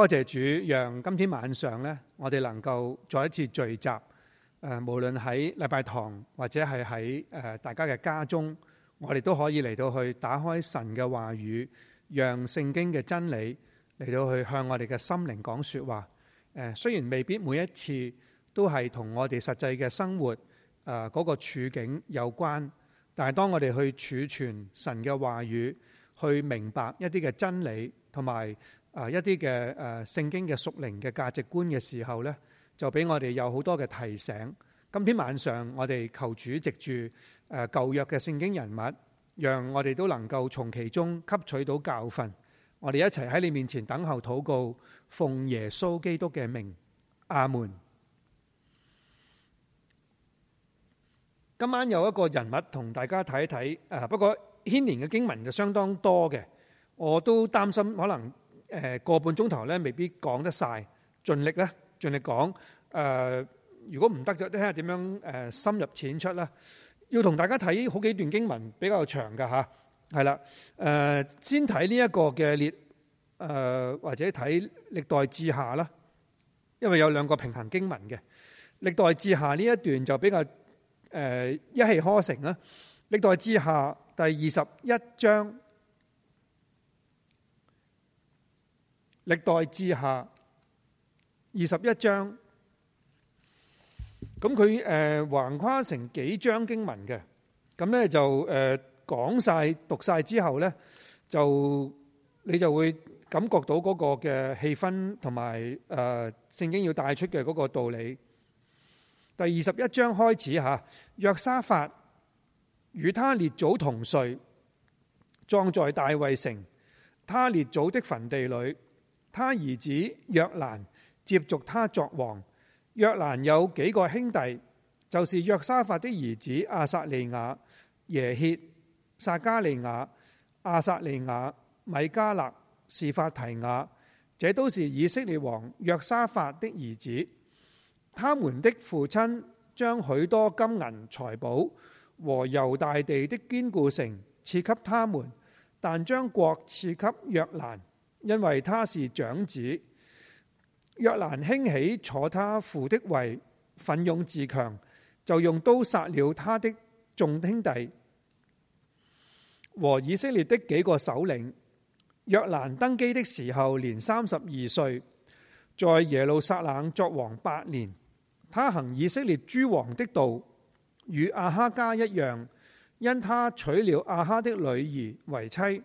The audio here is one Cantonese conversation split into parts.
多謝主，讓今天晚上咧，我哋能夠再一次聚集。誒，無論喺禮拜堂或者係喺誒大家嘅家中，我哋都可以嚟到去打開神嘅話語，讓聖經嘅真理嚟到去向我哋嘅心靈講說話。誒，雖然未必每一次都係同我哋實際嘅生活啊嗰個處境有關，但係當我哋去儲存神嘅話語，去明白一啲嘅真理，同埋。啊！一啲嘅誒聖經嘅屬靈嘅價值觀嘅時候呢，就俾我哋有好多嘅提醒。今天晚上我哋求主藉住誒舊約嘅聖經人物，讓我哋都能夠從其中吸取到教訓。我哋一齊喺你面前等候禱告，奉耶穌基督嘅名，阿門。今晚有一個人物同大家睇一睇誒，不過牽連嘅經文就相當多嘅，我都擔心可能。誒、呃、個半鐘頭咧，未必講得晒。盡力咧，盡力講。誒、呃，如果唔得就睇下點樣誒、呃、深入淺出啦。要同大家睇好幾段經文，比較長㗎吓。係啦。誒、呃，先睇呢一個嘅列，誒、呃、或者睇歷代志下啦，因為有兩個平行經文嘅歷代志下呢一段就比較誒、呃、一氣呵成啦。歷代志下第二十一章。歷代志下二十一章，咁佢誒橫跨成幾章經文嘅，咁呢就誒講晒、讀晒之後呢，就你就會感覺到嗰個嘅氣氛同埋誒聖經要帶出嘅嗰個道理。第二十一章開始嚇，約沙法與他列祖同睡，葬在大衛城他列祖的墳地裏。他兒子約蘭接續他作王。約蘭有幾個兄弟，就是約沙法的兒子亞撒利雅、耶歇、撒迦利雅、亞撒利雅、米加勒、示法提雅，這都是以色列王約沙法的兒子。他們的父親將許多金銀財寶和猶大地的堅固城賜給他們，但將國賜給約蘭。因為他是長子，若蘭興起坐他父的位，奮勇自強，就用刀殺了他的眾兄弟和以色列的幾個首領。若蘭登基的時候年三十二歲，在耶路撒冷作王八年。他行以色列諸王的道，與阿哈家一樣，因他娶了阿哈的女兒為妻。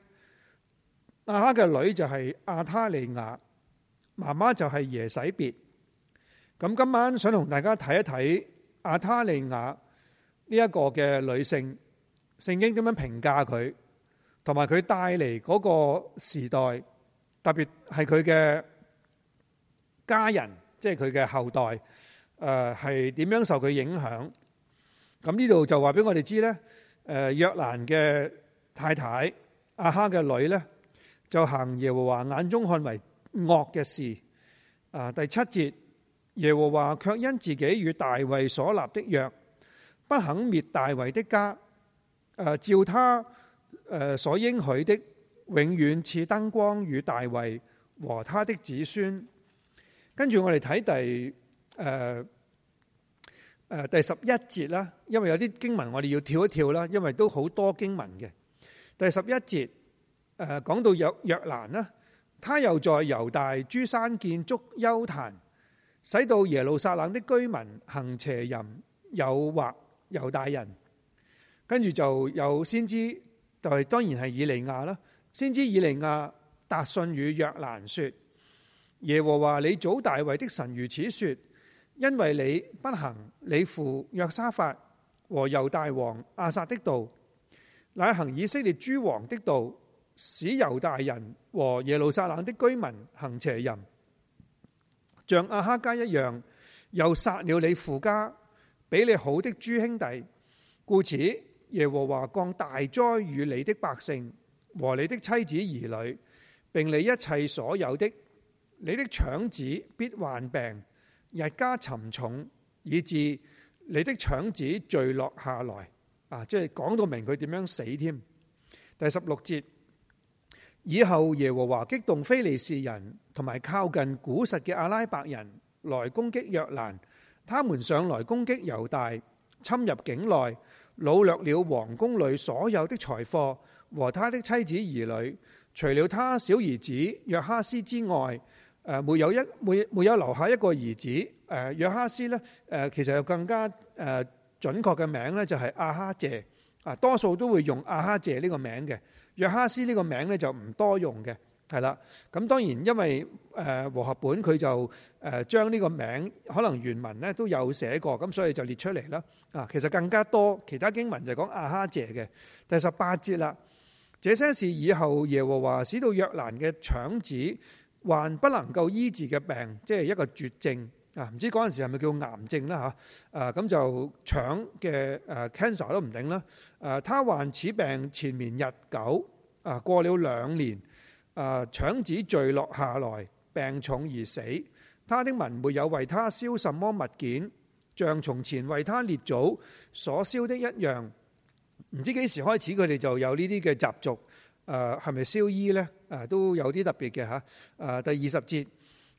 阿哈嘅女就係亞他利雅，媽媽就係耶洗別。咁今晚想同大家睇一睇亞他利雅呢一個嘅女性，聖經點樣評價佢，同埋佢帶嚟嗰個時代，特別係佢嘅家人，即係佢嘅後代，誒係點樣受佢影響。咁呢度就話俾我哋知咧，誒約蘭嘅太太阿哈嘅女咧。就行耶和華眼中看為惡嘅事。啊，第七節，耶和華卻因自己與大衛所立的約，不肯滅大衛的家，誒、啊、照他誒、啊、所應許的，永遠賜燈光與大衛和他的子孫。跟住我哋睇第誒誒第十一節啦，因為有啲經文我哋要跳一跳啦，因為都好多經文嘅。第十一節。誒講到約約蘭呢，他又在猶大諸山建築邱壇，使到耶路撒冷的居民行邪淫，誘惑猶大人。跟住就有先知，就係當然係以利亞啦。先知以利亞達信與約蘭說：耶和華你祖大衛的神如此說，因為你不行你父約沙法和猶大王亞撒的道，乃行以色列諸王的道。使猶大人和耶路撒冷的居民行邪淫，像亞哈家一樣，又殺了你父家比你好的諸兄弟，故此耶和華降大災與你的百姓和你的妻子兒女，並你一切所有的。你的腸子必患病，日加沉重，以致你的腸子墜落下來。啊，即係講到明佢點樣死添。第十六節。以後耶和華激動非利士人同埋靠近古實嘅阿拉伯人來攻擊約蘭，他們上來攻擊猶大，侵入境內，擄掠了皇宮裏所有的財貨和他的妻子兒女，除了他小兒子約哈斯之外，誒沒有一沒沒有留下一個兒子。誒約哈斯呢誒其實有更加誒準確嘅名呢，就係亞哈謝，啊多數都會用亞哈謝呢個名嘅。約哈斯呢個名咧就唔多用嘅，係啦。咁當然因為誒、呃、和合本佢就誒、呃、將呢個名可能原文咧都有寫過，咁所以就列出嚟啦。啊，其實更加多其他經文就講亞哈謝嘅。第十八節啦。這些事以後耶和華使到約蘭嘅腸子患不能夠醫治嘅病，即係一個絕症。啊，唔知嗰陣時係咪叫癌症啦吓？誒咁、啊、就腸嘅誒 cancer 都唔定啦。誒、啊、他患此病，前面日久，啊過了兩年，誒、啊、腸子墜落下來，病重而死。他的民沒有為他燒什麼物件，像從前為他列祖所燒的一樣。唔知幾時開始，佢哋就有呢啲嘅習俗。係、啊、咪燒衣呢？啊、都有啲特別嘅、啊、第二十節。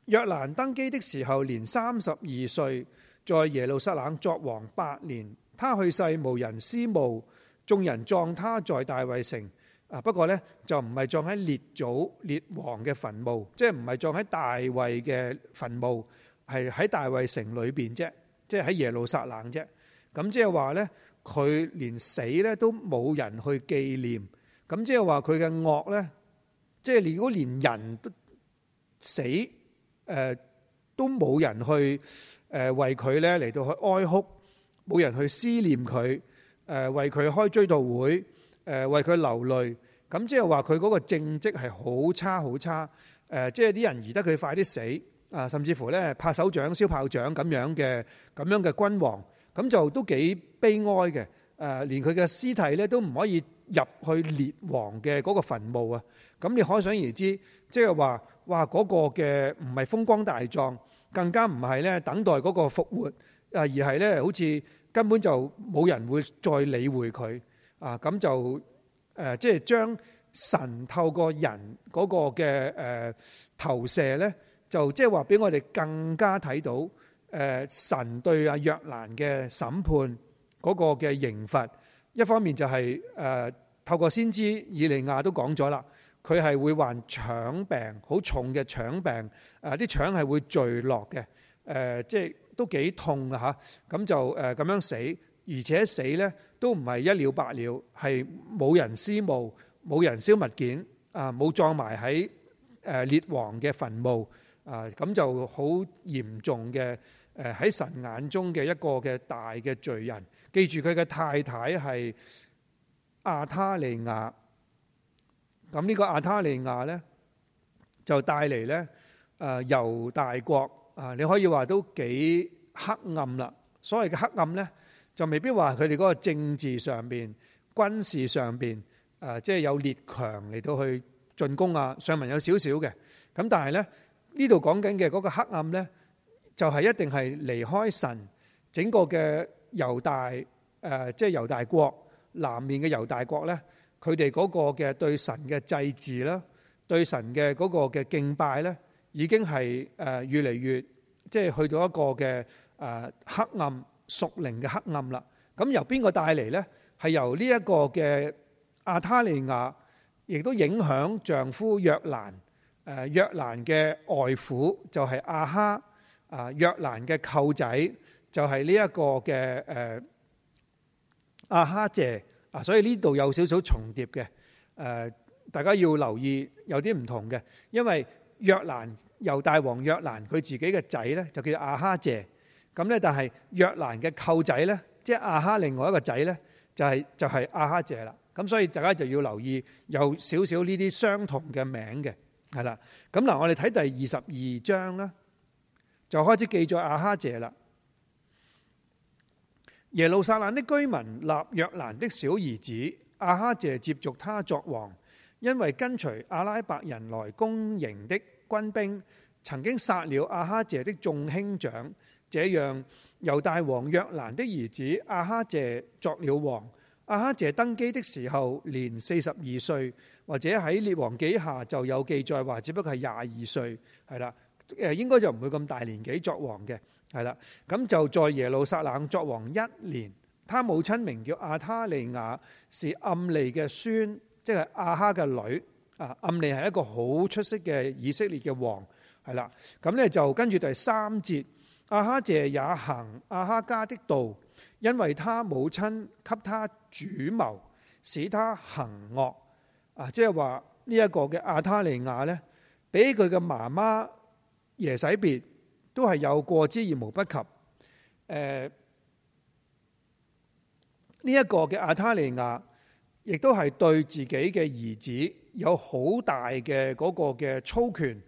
約蘭登基的時候，年三十二歲，在耶路撒冷作王八年。他去世，無人思慕，眾人葬他在大衛城。啊，不過呢，就唔係葬喺列祖列王嘅墳墓，即係唔係葬喺大衛嘅墳墓，係喺大衛城裏邊啫，即係喺耶路撒冷啫。咁即係話呢，佢連死咧都冇人去紀念。咁即係話佢嘅惡呢，即係如果連人都死。誒、呃、都冇人去誒、呃、為佢咧嚟到去哀哭，冇人去思念佢，誒、呃、為佢開追悼會，誒、呃、為佢流淚。咁即係話佢嗰個政績係好差好差。誒、呃、即係啲人宜得佢快啲死啊！甚至乎咧拍手掌、燒炮仗咁樣嘅咁樣嘅君王，咁就都幾悲哀嘅。誒、呃、連佢嘅屍體咧都唔可以入去列王嘅嗰個墳墓啊！咁你可想而知，即係話。哇！嗰個嘅唔係風光大葬，更加唔係咧等待嗰個復活，啊而係咧好似根本就冇人會再理會佢。啊咁就誒即係將神透過人嗰個嘅誒投射咧，就即係話俾我哋更加睇到誒神對阿約蘭嘅審判嗰個嘅刑罰。一方面就係誒透過先知以利亞都講咗啦。佢係會患腸病，好重嘅腸病。誒、啊，啲腸係會墜落嘅。誒、呃，即係都幾痛啦嚇。咁、啊、就誒咁、呃、樣死，而且死呢都唔係一了百了，係冇人思慕，冇人燒物件，啊，冇葬埋喺誒列王嘅墳墓。啊，咁就好嚴重嘅誒喺神眼中嘅一個嘅大嘅罪人。記住佢嘅太太係亞他利雅。咁、這、呢個亞他利雅呢，就帶嚟呢誒、呃、猶大國啊，你可以話都幾黑暗啦。所謂嘅黑暗呢，就未必話佢哋嗰個政治上面、軍事上面，即係有列強嚟到去進攻啊。上文有少少嘅，咁但係呢，呢度講緊嘅嗰個黑暗呢，就係一定係離開神整個嘅猶大、呃，即係猶大國南面嘅猶大國呢。佢哋嗰個嘅對神嘅祭祀啦，對神嘅嗰個嘅敬拜咧，已經係誒越嚟越即係去到一個嘅誒黑暗、屬靈嘅黑暗啦。咁由邊個帶嚟咧？係由呢一個嘅亞他利雅，亦都影響丈夫約蘭。誒約蘭嘅外父就係亞哈。啊約蘭嘅舅仔就係呢一個嘅誒亞哈謝。啊，所以呢度有少少重疊嘅，誒，大家要留意有啲唔同嘅，因為約蘭猶大王約蘭佢自己嘅仔咧就叫亞哈謝，咁咧但係約蘭嘅舅仔咧，即係亞哈另外一個仔咧，就係就係亞哈謝啦，咁所以大家就要留意有少少呢啲相同嘅名嘅，係啦，咁嗱我哋睇第二十二章啦，就開始記載亞哈謝啦。耶路撒冷的居民立約蘭的小兒子阿哈謝接續他作王，因為跟隨阿拉伯人來攻營的軍兵曾經殺了阿哈謝的眾兄長，這樣猶大王約蘭的兒子阿哈謝作了王。阿哈謝登基的時候年四十二歲，或者喺列王記下就有記載話，只不過係廿二歲，係啦，應該就唔會咁大年紀作王嘅。係啦，咁就在耶路撒冷作王一年，他母親名叫亞他利雅，是暗利嘅孫，即係亞哈嘅女。啊，暗利係一個好出色嘅以色列嘅王，係啦。咁咧就跟住第三節，亞哈謝也行亞哈家的道，因為他母親給他主謀，使他行惡。啊，即係話呢一個嘅亞他利雅呢，俾佢嘅媽媽耶洗別都係有過之而無不及。誒、呃，呢、這、一個嘅阿他利雅亦都係對自己嘅兒子有好大嘅嗰個嘅操權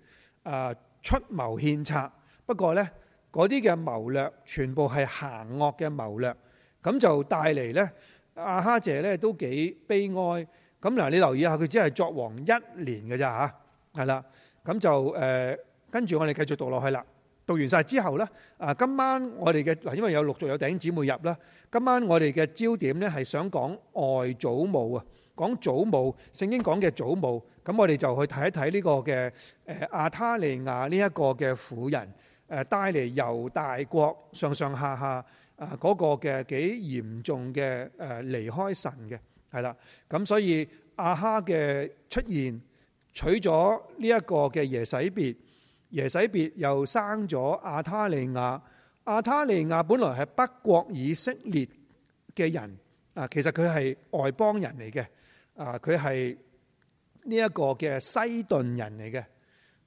啊、呃，出謀獻策。不過呢，嗰啲嘅謀略全部係行惡嘅謀略，咁就帶嚟呢，阿哈姐呢都幾悲哀。咁嗱，你留意下，佢只係作王一年嘅咋。吓，係啦。咁就誒，跟住我哋繼續讀落去啦。讀完晒之後咧，啊，今晚我哋嘅嗱，因為有陸續有弟兄姊妹入啦。今晚我哋嘅焦點咧係想講外祖母啊，講祖母，聖經講嘅祖母。咁我哋就去睇一睇呢個嘅誒亞他利雅呢一個嘅婦人誒帶嚟由大國上上下下啊嗰個嘅幾嚴重嘅誒離開神嘅係啦。咁所以亞哈嘅出現，取咗呢一個嘅耶洗別。耶洗別又生咗亞他利亞，亞他利亞本來係北國以色列嘅人啊，其實佢係外邦人嚟嘅啊，佢係呢一個嘅西頓人嚟嘅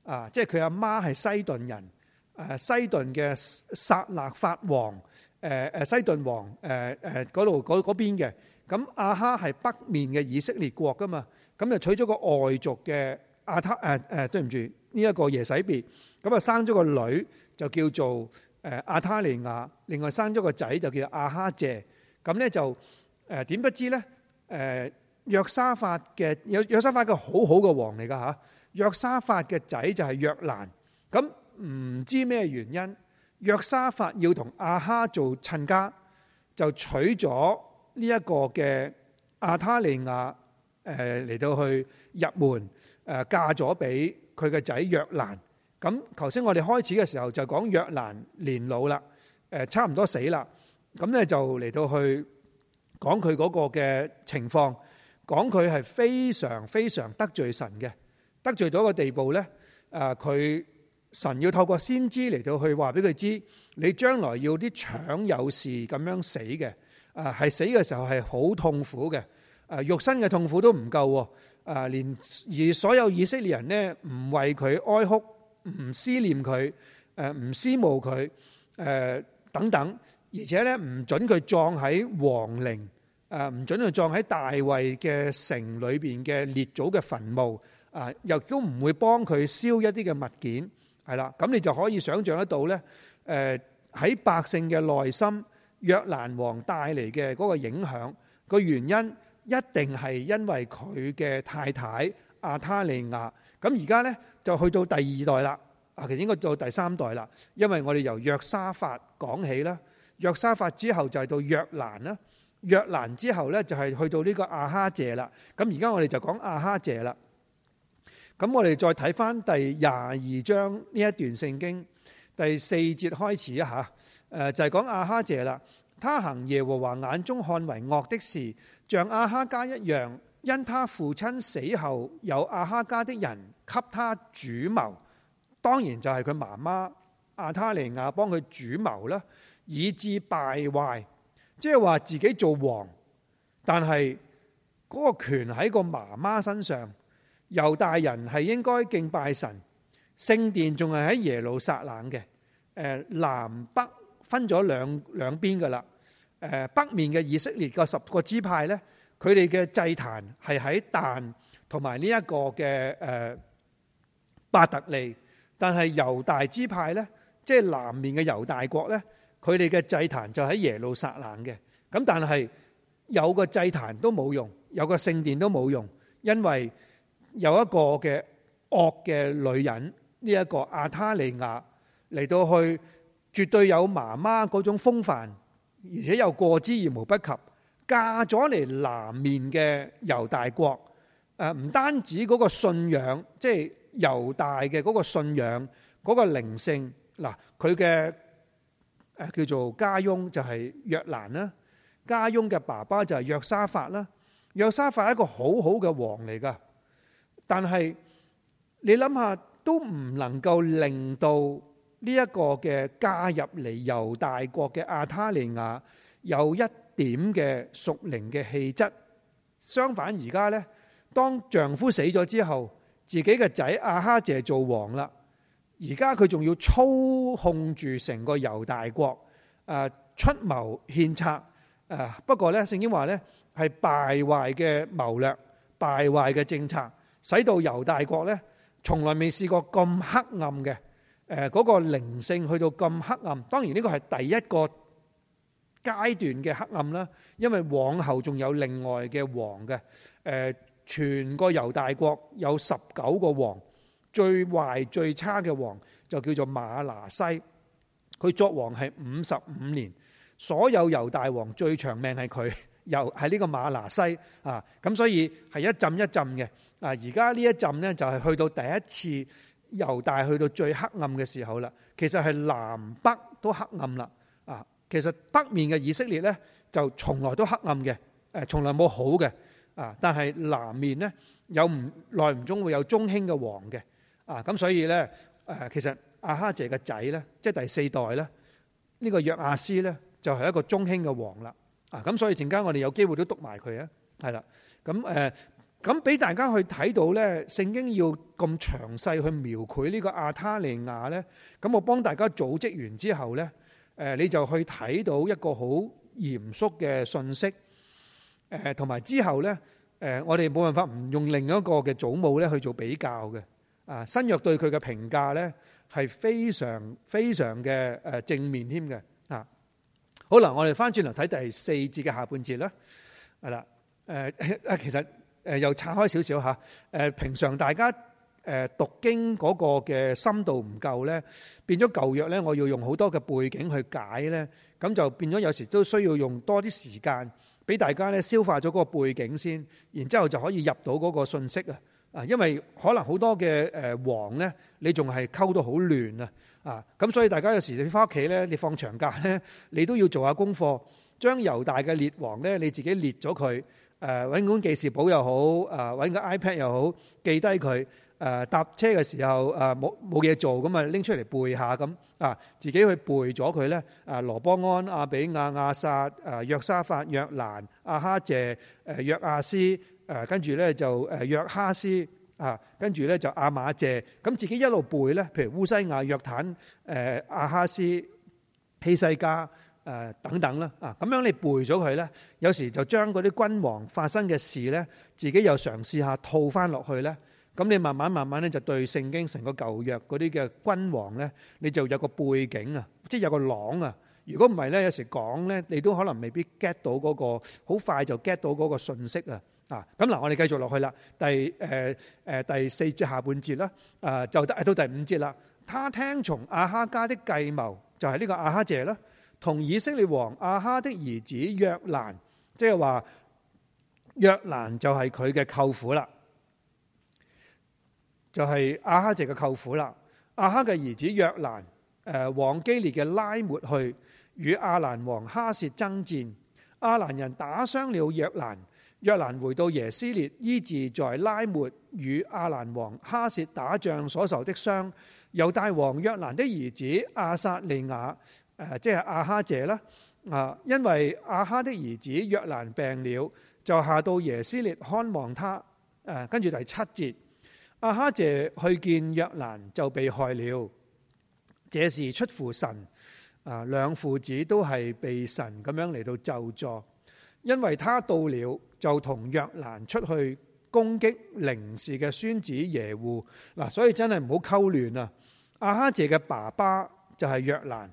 啊，即係佢阿媽係西頓人，誒西頓嘅撒勒法王，誒誒西頓王那，誒誒嗰度嗰嗰邊嘅，咁亞哈係北面嘅以色列國噶嘛，咁就娶咗個外族嘅亞他誒誒，對唔住。呢、這個、一個耶洗別，咁啊生咗個女就叫做誒亞他利雅，另外生咗個仔就叫做亞哈謝。咁咧就誒點、呃、不知咧誒約沙法嘅，有約沙法嘅好好嘅王嚟㗎嚇。約沙法嘅仔就係約蘭。咁唔知咩原因，約沙法要同亞哈做親家，就娶咗呢一個嘅亞他利雅誒嚟到去入門誒、呃、嫁咗俾。佢嘅仔約蘭，咁頭先我哋開始嘅時候就講約蘭年老啦，誒差唔多死啦，咁咧就嚟到去講佢嗰個嘅情況，講佢係非常非常得罪神嘅，得罪到一個地步呢，誒佢神要透過先知嚟到去話俾佢知，你將來要啲腸有事咁樣死嘅，啊係死嘅時候係好痛苦嘅，啊肉身嘅痛苦都唔夠。啊，連而所有以色列人咧，唔為佢哀哭，唔思念佢，誒，唔思慕佢，誒，等等，而且咧唔准佢葬喺王陵，誒，唔准佢葬喺大衛嘅城裏邊嘅列祖嘅墳墓，啊，又都唔會幫佢燒一啲嘅物件，係啦，咁你就可以想象得到咧，誒，喺百姓嘅內心，約蘭王帶嚟嘅嗰個影響，個原因。一定係因為佢嘅太太亞他利雅，咁而家呢就去到第二代啦，啊，其實應該到第三代啦，因為我哋由約沙法講起啦，約沙法之後就係到約蘭啦，約蘭之後呢，就係去到呢個亞哈謝啦，咁而家我哋就講亞哈謝啦。咁我哋再睇翻第廿二章呢一段聖經第四節開始啊，下就係講亞哈謝啦，他行耶和華眼中看為惡的事。像阿哈加一樣，因他父親死後，有阿哈加的人給他主謀，當然就係佢媽媽亞他利雅幫佢主謀啦，以致敗壞，即係話自己做王，但係嗰個權喺個媽媽身上。猶大人係應該敬拜神，聖殿仲係喺耶路撒冷嘅，誒南北分咗兩兩邊噶啦。北面嘅以色列個十個支派呢，佢哋嘅祭壇係喺但同埋呢一個嘅誒伯特利，但係猶大支派呢，即係南面嘅猶大國呢，佢哋嘅祭壇就喺耶路撒冷嘅。咁但係有個祭壇都冇用，有個聖殿都冇用，因為有一個嘅惡嘅女人呢一個亞他利雅嚟到去，絕對有媽媽嗰種風範。而且又過之而無不及，嫁咗嚟南面嘅猶大國，誒唔單止嗰個信仰，即係猶大嘅嗰個信仰，嗰個靈性，嗱佢嘅誒叫做家翁就係約蘭啦，家翁嘅爸爸就係約沙法啦，約沙法係一個好好嘅王嚟噶，但係你諗下都唔能夠令到。呢、這、一個嘅嫁入嚟猶大國嘅亞他利雅，有一點嘅屬靈嘅氣質。相反，而家呢，當丈夫死咗之後，自己嘅仔亞哈謝做王啦。而家佢仲要操控住成個猶大國，誒出謀獻策。誒，不過呢，聖經話呢係敗壞嘅謀略，敗壞嘅政策，使到猶大國呢從來未試過咁黑暗嘅。誒、那、嗰個靈性去到咁黑暗，當然呢個係第一個階段嘅黑暗啦。因為往後仲有另外嘅王嘅，誒全個猶大國有十九個王，最壞最差嘅王就叫做馬拿西，佢作王係五十五年。所有猶大王最長命係佢，又係呢個馬拿西啊，咁所以係一浸一浸嘅啊。而家呢一浸呢，就係去到第一次。猶大去到最黑暗嘅時候啦，其實係南北都黑暗啦。啊，其實北面嘅以色列咧就從來都黑暗嘅，誒從來冇好嘅。啊，但係南面咧有唔耐唔中會有中興嘅王嘅。啊，咁所以咧誒，其實亞哈謝嘅仔咧，即係第四代咧，呢個約亞斯咧就係一個中興嘅王啦。啊，咁所以陣間我哋有機會都讀埋佢啊。係啦，咁誒。咁俾大家去睇到咧，聖經要咁詳細去描繪呢個亞他利雅咧，咁我幫大家組織完之後咧，誒你就去睇到一個好嚴肅嘅信息，誒，同埋之後咧，誒我哋冇辦法唔用另一個嘅祖母咧去做比較嘅。啊，新約對佢嘅評價咧係非常非常嘅誒正面添嘅。啊，好啦，我哋翻轉頭睇第四節嘅下半節啦，係啦，誒啊其實。誒，又拆開少少吓。誒，平常大家誒讀經嗰個嘅深度唔夠呢，變咗舊約呢，我要用好多嘅背景去解呢，咁就變咗有時都需要用多啲時間俾大家咧消化咗嗰個背景先，然之後就可以入到嗰個信息啊。啊，因為可能好多嘅誒王呢，你仲係溝到好亂啊。啊，咁所以大家有時你翻屋企呢，你放長假呢，你都要做下功課，將猶大嘅列王呢，你自己列咗佢。誒揾本記事簿又好，誒揾個 iPad 又好，記低佢。誒搭車嘅時候，誒冇冇嘢做，咁咪拎出嚟背下咁。啊，自己去背咗佢咧。誒羅波安、亞比雅、亞撒、誒約沙法、約蘭、亞哈謝、誒約阿斯、誒跟住咧就誒約哈斯，啊，跟住咧就亞瑪謝。咁自己一路背咧，譬如烏西雅、約坦、誒亞哈斯、希西家。誒等等啦，啊咁樣你背咗佢咧，有時就將嗰啲君王發生嘅事咧，自己又嘗試下套翻落去咧，咁你慢慢慢慢咧就對聖經成個舊約嗰啲嘅君王咧，你就有個背景啊，即係有個廊啊。如果唔係咧，有時講咧，你都可能未必 get 到嗰個，好快就 get 到嗰個信息啊。啊，咁嗱，我哋繼續落去啦。第誒誒第四節下半節啦，啊就得誒到第五節啦。他聽從亞哈家的計謀，就係呢個亞哈謝啦。同以色列王阿哈的兒子約蘭，即係話約蘭就係佢嘅舅父啦，就係、是、阿哈謝嘅舅父啦。阿哈嘅兒子約蘭，誒，王基列嘅拉末去與亞蘭王哈薛爭戰，亞蘭人打傷了約蘭，約蘭回到耶斯列醫治在拉末與亞蘭王哈薛打仗所受的傷，猶大王約蘭的兒子亞薩利亞。誒，即係亞哈謝啦，啊，因為亞哈的兒子約蘭病了，就下到耶斯列看望他。誒，跟住第七節，亞哈謝去見約蘭就被害了。這是出乎神，啊，兩父子都係被神咁樣嚟到救助，因為他到了就同約蘭出去攻擊寧示嘅孫子耶戶。嗱，所以真係唔好溝亂啊！亞哈謝嘅爸爸就係約蘭。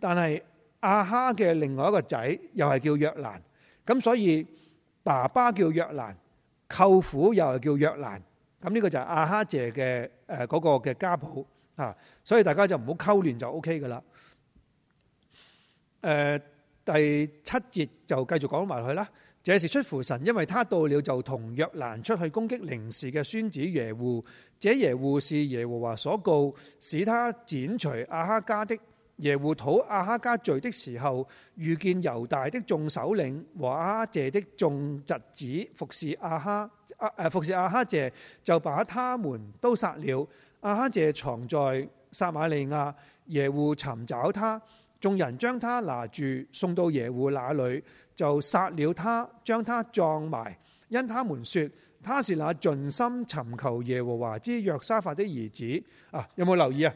但係阿哈嘅另外一個仔又係叫約蘭，咁所以爸爸叫約蘭，舅父又係叫約蘭，咁、這、呢個就係阿哈姐嘅誒嗰個嘅家譜啊，所以大家就唔好溝亂就 OK 噶啦。誒、呃、第七節就繼續講埋佢啦。這是出乎神，因為他到了就同約蘭出去攻擊寧示嘅孫子耶戶，這耶戶是耶和華所膏，使他剪除阿哈家的。耶戶討亞哈家罪的時候，遇見猶大的眾首領和亞哈謝的眾侄子服侍亞哈，誒、啊、服侍亞哈謝，就把他們都殺了。亞哈謝藏在撒馬利亞，耶戶尋找他，眾人將他拿住送到耶戶那裏，就殺了他，將他葬埋。因他們說他是那盡心尋求耶和華之約沙法的兒子。啊，有冇留意啊？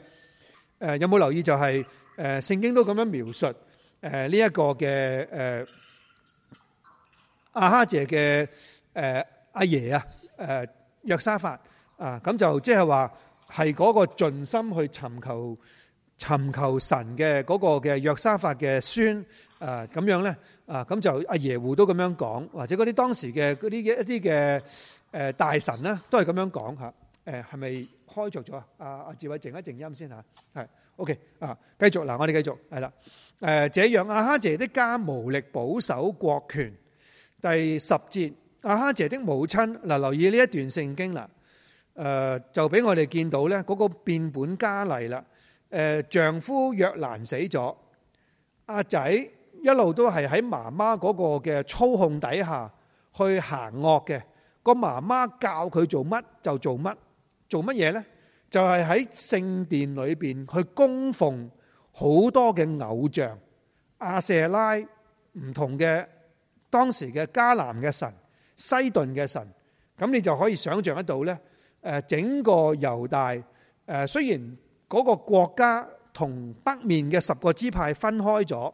誒，有冇留意就係、是？聖經都咁樣描述，誒，呢一個嘅阿哈姐嘅阿爺啊，約沙法啊，咁就即係話係嗰個盡心去尋求尋求神嘅嗰個嘅約沙法嘅孫，啊咁樣咧，啊咁就阿耶胡都咁樣講，或者嗰啲當時嘅嗰啲一啲嘅大臣啦、啊、都係咁樣講嚇。誒，係咪開著咗啊？阿阿志偉靜一靜音先、啊 OK，啊，繼續嗱，我哋繼續係啦。誒，這樣阿哈姐的家無力保守國權，第十節阿哈姐的母親嗱，留意呢一段聖經啦。誒、呃，就俾我哋見到咧，嗰、那個變本加厲啦。誒、呃，丈夫約蘭死咗，阿仔一路都係喺媽媽嗰個嘅操控底下，去行惡嘅。個媽媽教佢做乜就做乜，做乜嘢咧？就係、是、喺聖殿裏邊去供奉好多嘅偶像，亞舍拉唔同嘅當時嘅迦南嘅神、西頓嘅神，咁你就可以想像得到呢誒，整個猶大誒，雖然嗰個國家同北面嘅十個支派分開咗，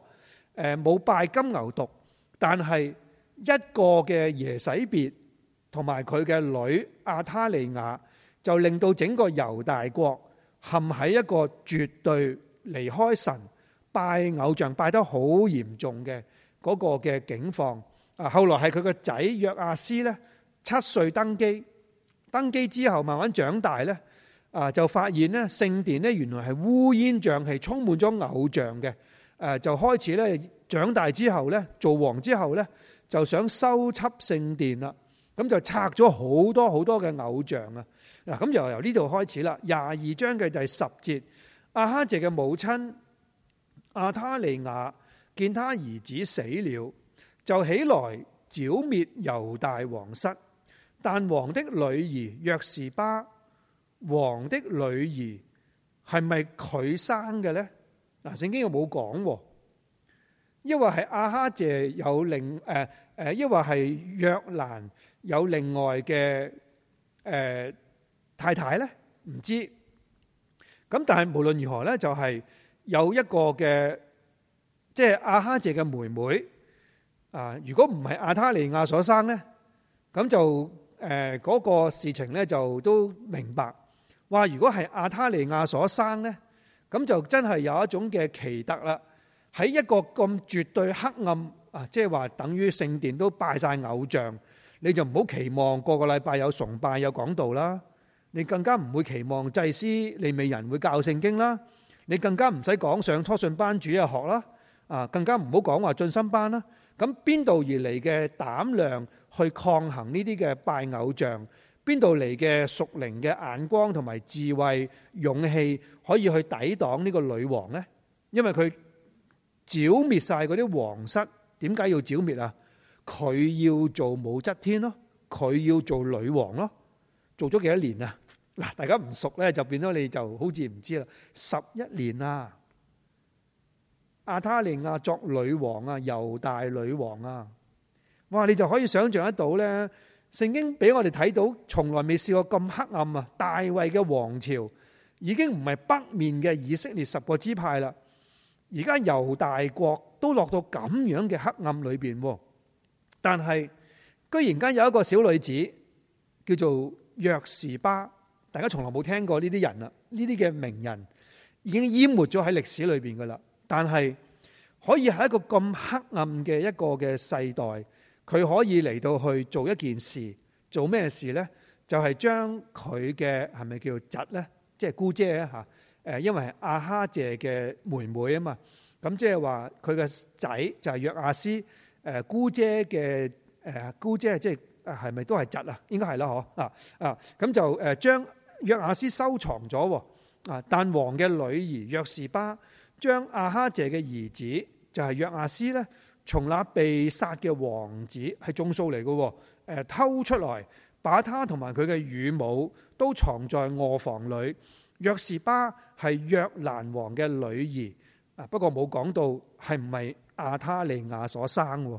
誒冇拜金牛犢，但係一個嘅耶洗別同埋佢嘅女亞他利雅。就令到整個猶大國陷喺一個絕對離開神、拜偶像拜得好嚴重嘅嗰個嘅境況。啊，後來係佢個仔約阿斯呢，七歲登基。登基之後慢慢長大呢，啊就發現呢聖殿呢原來係烏煙瘴氣，充滿咗偶像嘅。誒就開始呢，長大之後呢，做王之後呢，就想收葺聖殿啦。咁就拆咗好多好多嘅偶像啊！嗱，咁又由呢度開始啦。廿二章嘅第十節，阿哈謝嘅母親亞他利雅見他兒子死了，就起來剿滅猶大王室。但王的女兒約是巴，王的女兒係咪佢生嘅呢？嗱，聖經又冇講，或者係阿哈謝有另誒呃呃，或者係約蘭有另外嘅誒。呃太太呢？唔知，咁但係無論如何呢，就係、是、有一個嘅，即、就、係、是、亞哈謝嘅妹妹啊。如果唔係亞他利雅所生呢，咁就誒嗰、那個事情呢，就都明白。話如果係亞他利雅所生呢，咁就真係有一種嘅奇特啦。喺一個咁絕對黑暗啊，即係話等於聖殿都拜晒偶像，你就唔好期望個個禮拜有崇拜有講道啦。你更加唔會期望祭司、利未人會教聖經啦。你更加唔使講上初信班主日學啦。啊，更加唔好講話進深班啦。咁邊度而嚟嘅膽量去抗衡呢啲嘅拜偶像？邊度嚟嘅屬靈嘅眼光同埋智慧、勇氣可以去抵擋呢個女王呢？因為佢剿滅晒嗰啲皇室，點解要剿滅啊？佢要做武則天咯，佢要做女王咯。做咗幾多年啊？嗱，大家唔熟咧，就變咗你就好似唔知啦。十一年啊，亞他利雅作女王啊，猶大女王啊，哇！你就可以想象得到咧，聖經俾我哋睇到，從來未試過咁黑暗啊！大衛嘅王朝已經唔係北面嘅以色列十個支派啦，而家猶大國都落到咁樣嘅黑暗裏邊。但係，居然間有一個小女子叫做。約士巴，大家從來冇聽過呢啲人啦，呢啲嘅名人已經淹沒咗喺歷史裏邊噶啦。但係可以喺一個咁黑暗嘅一個嘅世代，佢可以嚟到去做一件事，做咩事咧？就係、是、將佢嘅係咪叫侄咧，即係姑姐啊吓？誒，因為阿哈謝嘅妹妹啊嘛，咁即係話佢嘅仔就係約阿斯，誒姑姐嘅誒、呃、姑姐即係。係咪都係窒啊？應該係啦，嗬啊啊！咁就誒，將約亞斯收藏咗。啊，但王嘅女兒約士巴將亞哈謝嘅兒子，就係、是、約亞斯咧，從那被殺嘅王子係中數嚟嘅，誒、啊、偷出來，把他同埋佢嘅乳母都藏在臥房裏。約士巴係約蘭王嘅女兒，啊，不過冇講到係唔係亞他利雅所生。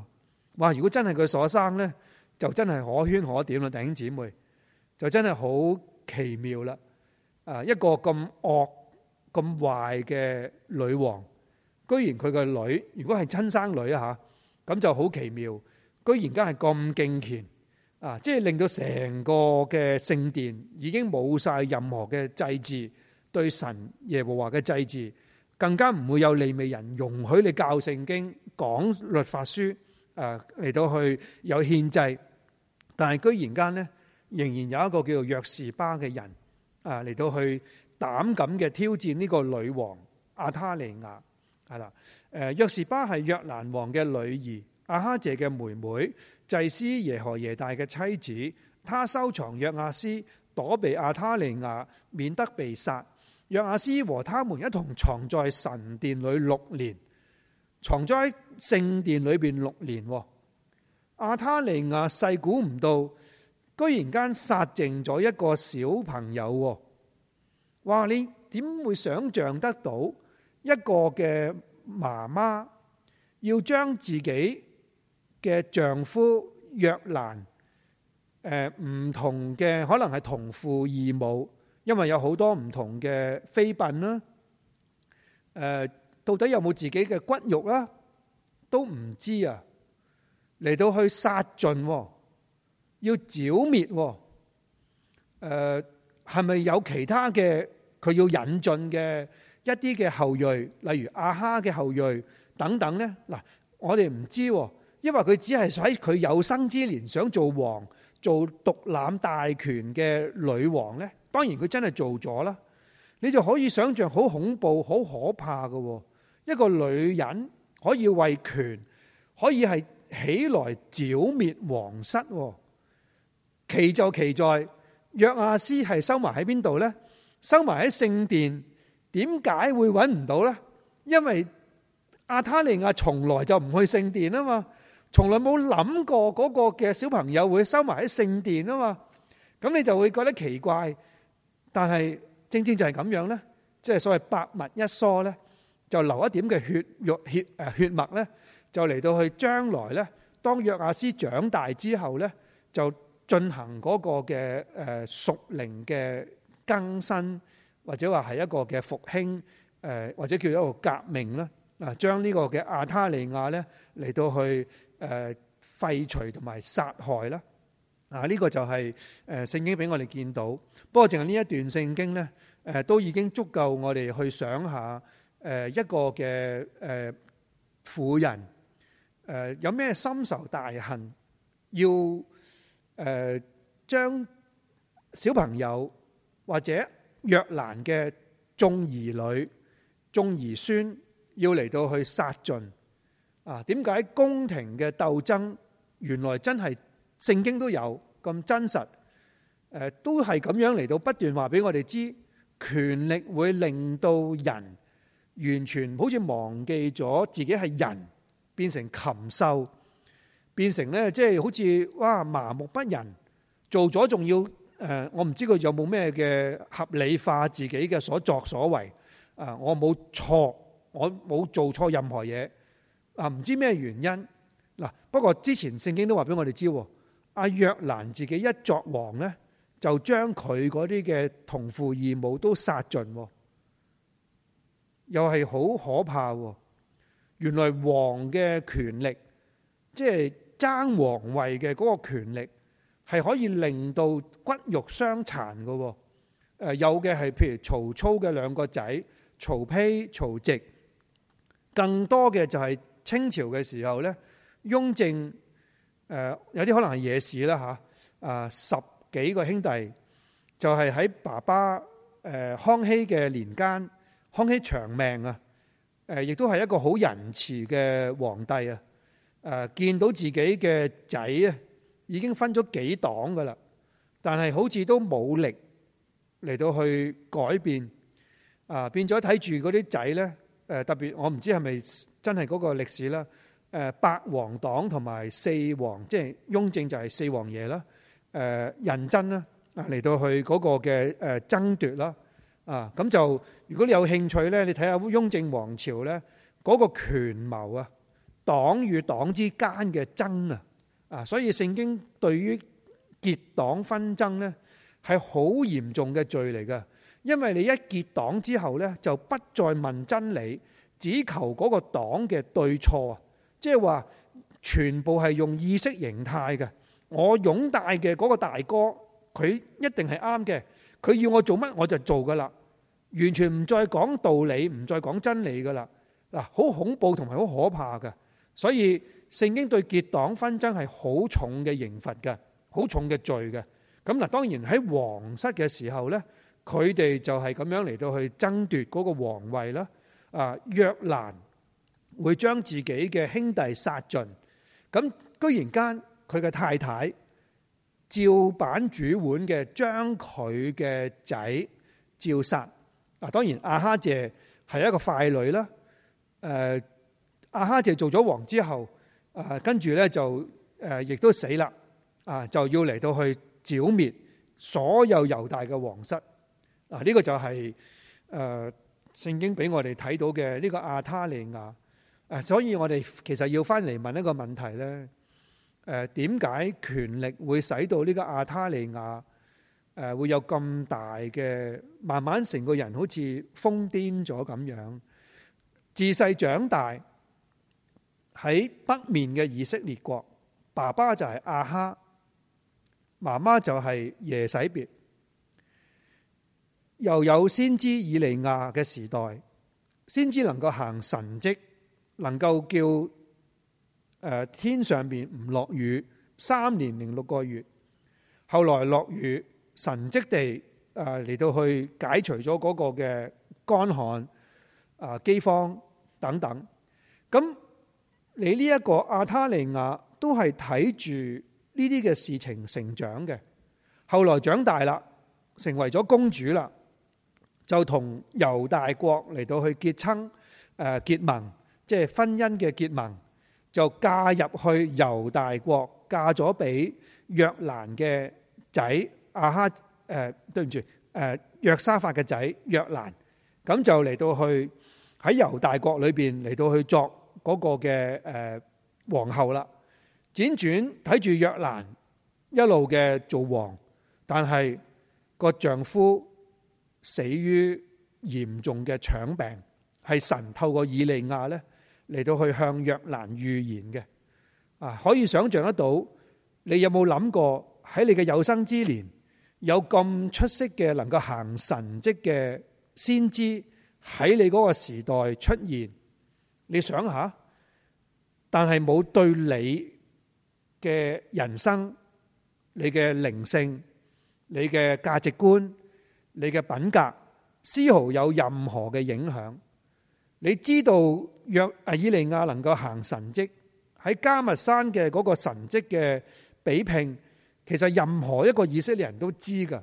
哇、啊！如果真係佢所生咧？就真係可圈可點啦，弟兄姊妹，就真係好奇妙啦！啊，一個咁惡咁壞嘅女王，居然佢個女如果係親生女吓，咁就好奇妙，居然而家係咁敬虔啊！即係令到成個嘅聖殿已經冇晒任何嘅祭祀，對神耶和華嘅祭祀更加唔會有利未人容許你教聖經、講律法書，誒嚟到去有限制。但係居然間呢，仍然有一個叫做約士巴嘅人，啊，嚟到去膽敢嘅挑戰呢個女王亞他利雅。係啦，誒，約士巴係約蘭王嘅女兒，阿哈謝嘅妹妹，祭司耶何耶大嘅妻子，他收藏約亞斯躲避亞他利雅，免得被殺。約亞斯和他們一同藏在神殿裏六年，藏在聖殿裏邊六年。亞他利雅細估唔到，居然間殺剩咗一個小朋友。哇！你點會想象得到一個嘅媽媽要將自己嘅丈夫約蘭誒唔同嘅，可能係同父異母，因為有好多唔同嘅妃嬪啦。誒、呃，到底有冇自己嘅骨肉啦？都唔知道啊！嚟到去殺盡喎，要剿滅喎。誒係咪有其他嘅佢要引進嘅一啲嘅後裔，例如阿哈嘅後裔等等呢？嗱，我哋唔知喎，因為佢只係喺佢有生之年想做王，做獨攬大權嘅女王呢。當然佢真係做咗啦。你就可以想像好恐怖、好可怕嘅喎，一個女人可以為權，可以係。起來剿滅王室。奇就奇在約亞斯係收埋喺邊度咧？收埋喺聖殿，點解會搵唔到咧？因為亞他利雅從來就唔去聖殿啊嘛，從來冇諗過嗰個嘅小朋友會收埋喺聖殿啊嘛，咁你就會覺得奇怪。但係正正就係咁樣咧，即係所謂百物一疏咧，就留一點嘅血肉血誒血脈咧。就嚟到去將來呢，當約亞斯長大之後呢，就進行嗰個嘅誒屬靈嘅更新，或者話係一個嘅復興，誒或者叫一個革命啦。嗱，將呢個嘅亞他利雅呢嚟到去誒廢除同埋殺害啦。嗱，呢個就係誒聖經俾我哋見到。不過，淨係呢一段聖經呢，誒都已經足夠我哋去想下誒一個嘅誒婦人。誒、呃，有咩深仇大恨？要誒、呃，將小朋友或者約蘭嘅眾兒女、眾兒孫，要嚟到去殺盡啊？點解宮廷嘅鬥爭，原來真係聖經都有咁真實？誒、呃，都係咁樣嚟到，不斷話俾我哋知，權力會令到人完全好似忘記咗自己係人。變成禽獸，變成咧，即係好似哇麻木不仁，做咗仲要誒、呃，我唔知佢有冇咩嘅合理化自己嘅所作所為啊、呃！我冇錯，我冇做錯任何嘢啊！唔、呃、知咩原因嗱，不過之前聖經都話俾我哋知，阿、啊、約蘭自己一作王咧，就將佢嗰啲嘅同父異母都殺盡，又係好可怕。原來王嘅權力，即係爭皇位嘅嗰個權力，係可以令到骨肉相殘㗎。誒，有嘅係譬如曹操嘅兩個仔曹丕、曹植，更多嘅就係清朝嘅時候咧，雍正誒，有啲可能係野史啦吓。啊，十幾個兄弟就係喺爸爸誒康熙嘅年間，康熙長命啊。誒，亦都係一個好仁慈嘅皇帝啊！誒，見到自己嘅仔啊，已經分咗幾黨㗎喇，但係好似都冇力嚟到去改變啊！變咗睇住嗰啲仔咧，誒，特別我唔知係咪真係嗰個歷史啦？誒，八王黨同埋四王，即係雍正就係四王爺啦，誒，胤禛啦，啊嚟到去嗰個嘅誒爭奪啦。啊，咁就如果你有興趣呢，你睇下雍正王朝呢嗰個權謀啊，黨與黨之間嘅爭啊，啊，所以聖經對於結黨紛爭呢係好嚴重嘅罪嚟㗎，因為你一結黨之後呢，就不再問真理，只求嗰個黨嘅對錯，即係話全部係用意識形態嘅。我擁戴嘅嗰個大哥，佢一定係啱嘅，佢要我做乜我就做噶啦。完全唔再講道理,唔再講真理㗎喇,嗱,好恐怖同埋好可怕㗎,所以聖經對結黨紛爭係好重嘅刑罰㗎,好重嘅罪㗎,當然喺皇室嘅時候呢,佢哋就係噉樣嚟到去爭奪嗰個皇位啦,約蘭會將自己嘅兄弟殺盡,居然間佢嘅太太嗱，當然亞哈謝係一個傀儡啦。誒、啊，亞哈謝做咗王之後，誒、啊、跟住咧就誒亦、啊、都死啦。啊，就要嚟到去剿滅所有猶大嘅皇室。啊，呢、這個就係誒聖經俾我哋睇到嘅呢個亞他利雅。誒，所以我哋其實要翻嚟問一個問題咧。誒、啊，點解權力會使到呢個亞他利雅？誒，會有咁大嘅，慢慢成個人好似瘋癲咗咁樣。自細長大喺北面嘅以色列國，爸爸就係亞哈，媽媽就係耶洗別，又有先知以利亞嘅時代，先知能夠行神蹟，能夠叫誒天上邊唔落雨三年零六個月，後來落雨。神蹟地，誒嚟到去解除咗嗰個嘅乾旱、啊饑荒等等。咁你呢一個亞他利雅都係睇住呢啲嘅事情成長嘅。後來長大啦，成為咗公主啦，就同猶大國嚟到去結親、誒、啊、結盟，即係婚姻嘅結盟，就嫁入去猶大國，嫁咗俾約蘭嘅仔。亞哈，誒，對唔住，誒，約沙法嘅仔約蘭，咁就嚟到去喺猶大國裏邊嚟到去作嗰個嘅誒皇后啦。輾轉睇住約蘭一路嘅做王，但係個丈夫死於嚴重嘅腸病，係神透過以利亞咧嚟到去向約蘭預言嘅。啊，可以想象得到，你有冇諗過喺你嘅有生之年？有咁出色嘅能夠行神蹟嘅先知喺你嗰個時代出現，你想下，但係冇對你嘅人生、你嘅靈性、你嘅價值觀、你嘅品格，絲毫有任何嘅影響。你知道若阿伊利亞能夠行神蹟，喺迦密山嘅嗰個神蹟嘅比拼。其實任何一個以色列人都知噶，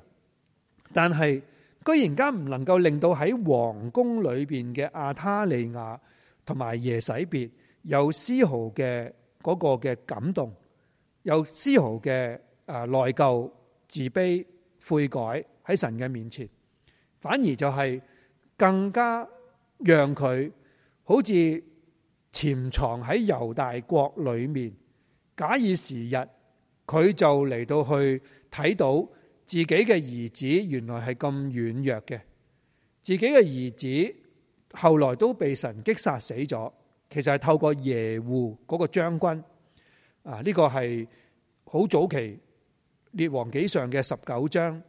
但係居然間唔能夠令到喺皇宮裏邊嘅亞他利雅同埋耶洗別有絲毫嘅嗰個嘅感動，有絲毫嘅誒內疚、自卑、悔改喺神嘅面前，反而就係更加讓佢好似潛藏喺猶大國裏面，假以時日。佢就嚟到去睇到自己嘅兒子原來係咁軟弱嘅，自己嘅兒子後來都被神擊殺死咗。其實係透過耶戶嗰個將軍，啊呢個係好早期列王紀上嘅十九章。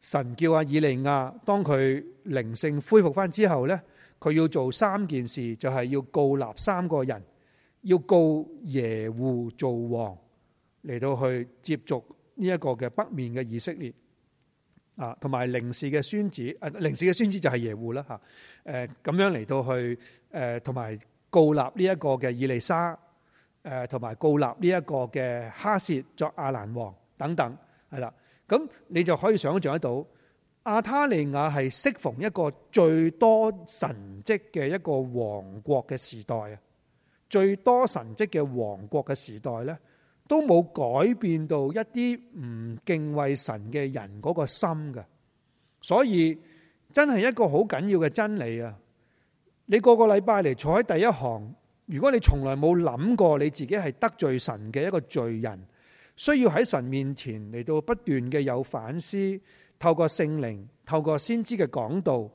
神叫阿以利亞當佢靈性恢復翻之後呢，佢要做三件事，就係要膏立三個人，要膏耶戶做王。嚟到去接觸呢一個嘅北面嘅以色列啊，同埋寧示嘅孫子啊，寧示嘅孫子就係耶戶啦嚇。誒、啊、咁樣嚟到去誒，同、啊、埋膏立呢一個嘅以利沙，誒、啊，同埋膏立呢一個嘅哈薛作亞蘭王等等係啦。咁你就可以想像得到，亞他利雅係適逢一個最多神跡嘅一個王國嘅時代啊！最多神跡嘅王國嘅時代咧。都冇改變到一啲唔敬畏神嘅人嗰個心㗎。所以真係一個好緊要嘅真理啊！你個個禮拜嚟坐喺第一行，如果你從來冇諗過你自己係得罪神嘅一個罪人，需要喺神面前嚟到不斷嘅有反思，透過聖靈，透過先知嘅講道，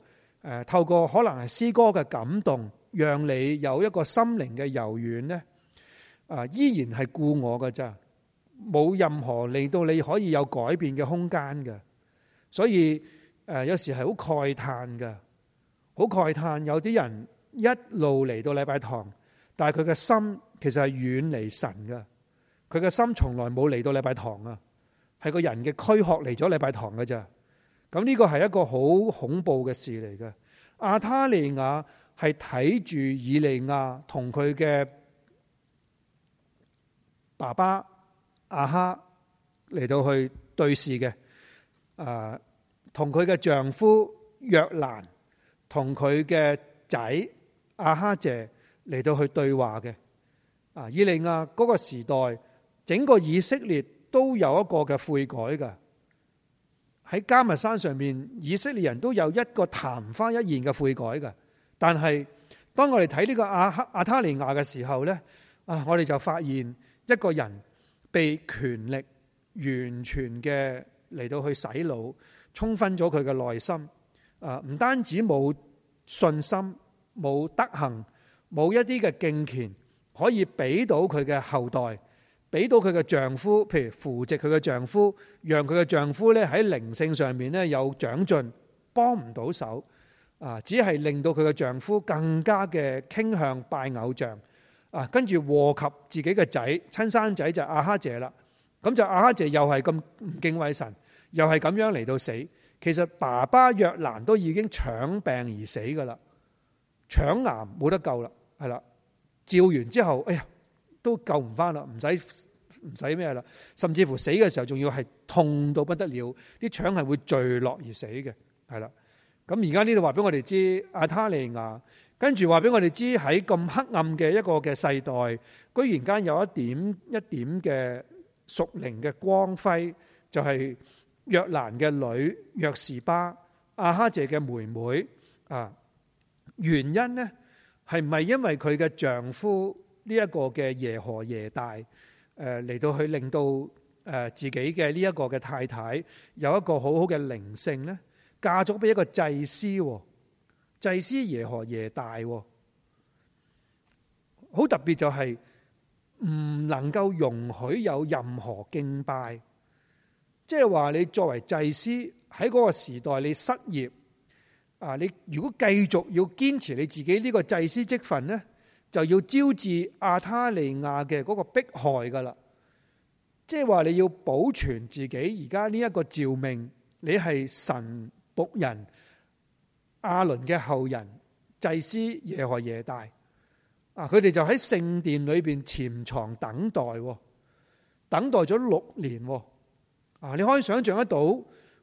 透過可能係詩歌嘅感動，讓你有一個心靈嘅柔軟呢？啊，依然係顧我噶咋，冇任何令到你可以有改變嘅空間嘅，所以誒有時係好慨嘆噶，好慨嘆有啲人一路嚟到禮拜堂，但係佢嘅心其實係遠離神噶，佢嘅心從來冇嚟到禮拜堂啊，係個人嘅軀殼嚟咗禮拜堂噶咋，咁呢個係一個好恐怖嘅事嚟噶，亞他利雅係睇住以利亞同佢嘅。爸爸阿哈嚟到去對視嘅，啊，同佢嘅丈夫約蘭，同佢嘅仔阿哈謝嚟到去對話嘅，啊，以利亞嗰個時代整個以色列都有一個嘅悔改嘅，喺迦密山上面，以色列人都有一個曇花一現嘅悔改嘅，但係當我哋睇呢個阿哈亞他利雅嘅時候呢，啊，我哋就發現。一個人被權力完全嘅嚟到去洗腦，衝昏咗佢嘅內心。啊，唔單止冇信心，冇德行，冇一啲嘅敬虔，可以俾到佢嘅後代，俾到佢嘅丈夫，譬如扶植佢嘅丈夫，讓佢嘅丈夫咧喺靈性上面咧有長進，幫唔到手，啊，只係令到佢嘅丈夫更加嘅傾向拜偶像。啊，跟住禍及自己嘅仔，親生仔就阿哈姐啦。咁就阿哈姐又係咁敬畏神，又係咁樣嚟到死。其實爸爸約蘭都已經搶病而死噶啦，搶癌冇得救啦，係啦。照完之後，哎呀，都救唔翻啦，唔使唔使咩啦。甚至乎死嘅時候仲要係痛到不得了，啲腸係會墜落而死嘅，係啦。咁而家呢度話俾我哋知，阿他利亞。跟住話俾我哋知喺咁黑暗嘅一個嘅世代，居然間有一點一點嘅屬靈嘅光輝，就係、是、約蘭嘅女約士巴亞哈謝嘅妹妹啊。原因呢，係唔係因為佢嘅丈夫呢一、這個嘅耶何耶大誒嚟到去令到誒自己嘅呢一個嘅太太有一個很好好嘅靈性呢，嫁咗俾一個祭司。祭司耶何耶大，好特別就係、是、唔能夠容許有任何敬拜，即係話你作為祭司喺嗰個時代你失業，啊你如果繼續要堅持你自己呢個祭司職份呢，就要招致亞他利雅嘅嗰個迫害噶啦，即係話你要保存自己而家呢一個召命，你係神僕人。亞倫嘅後人祭司耶何耶大啊，佢哋就喺聖殿裏邊潛藏等待，等待咗六年啊！你可以想象得到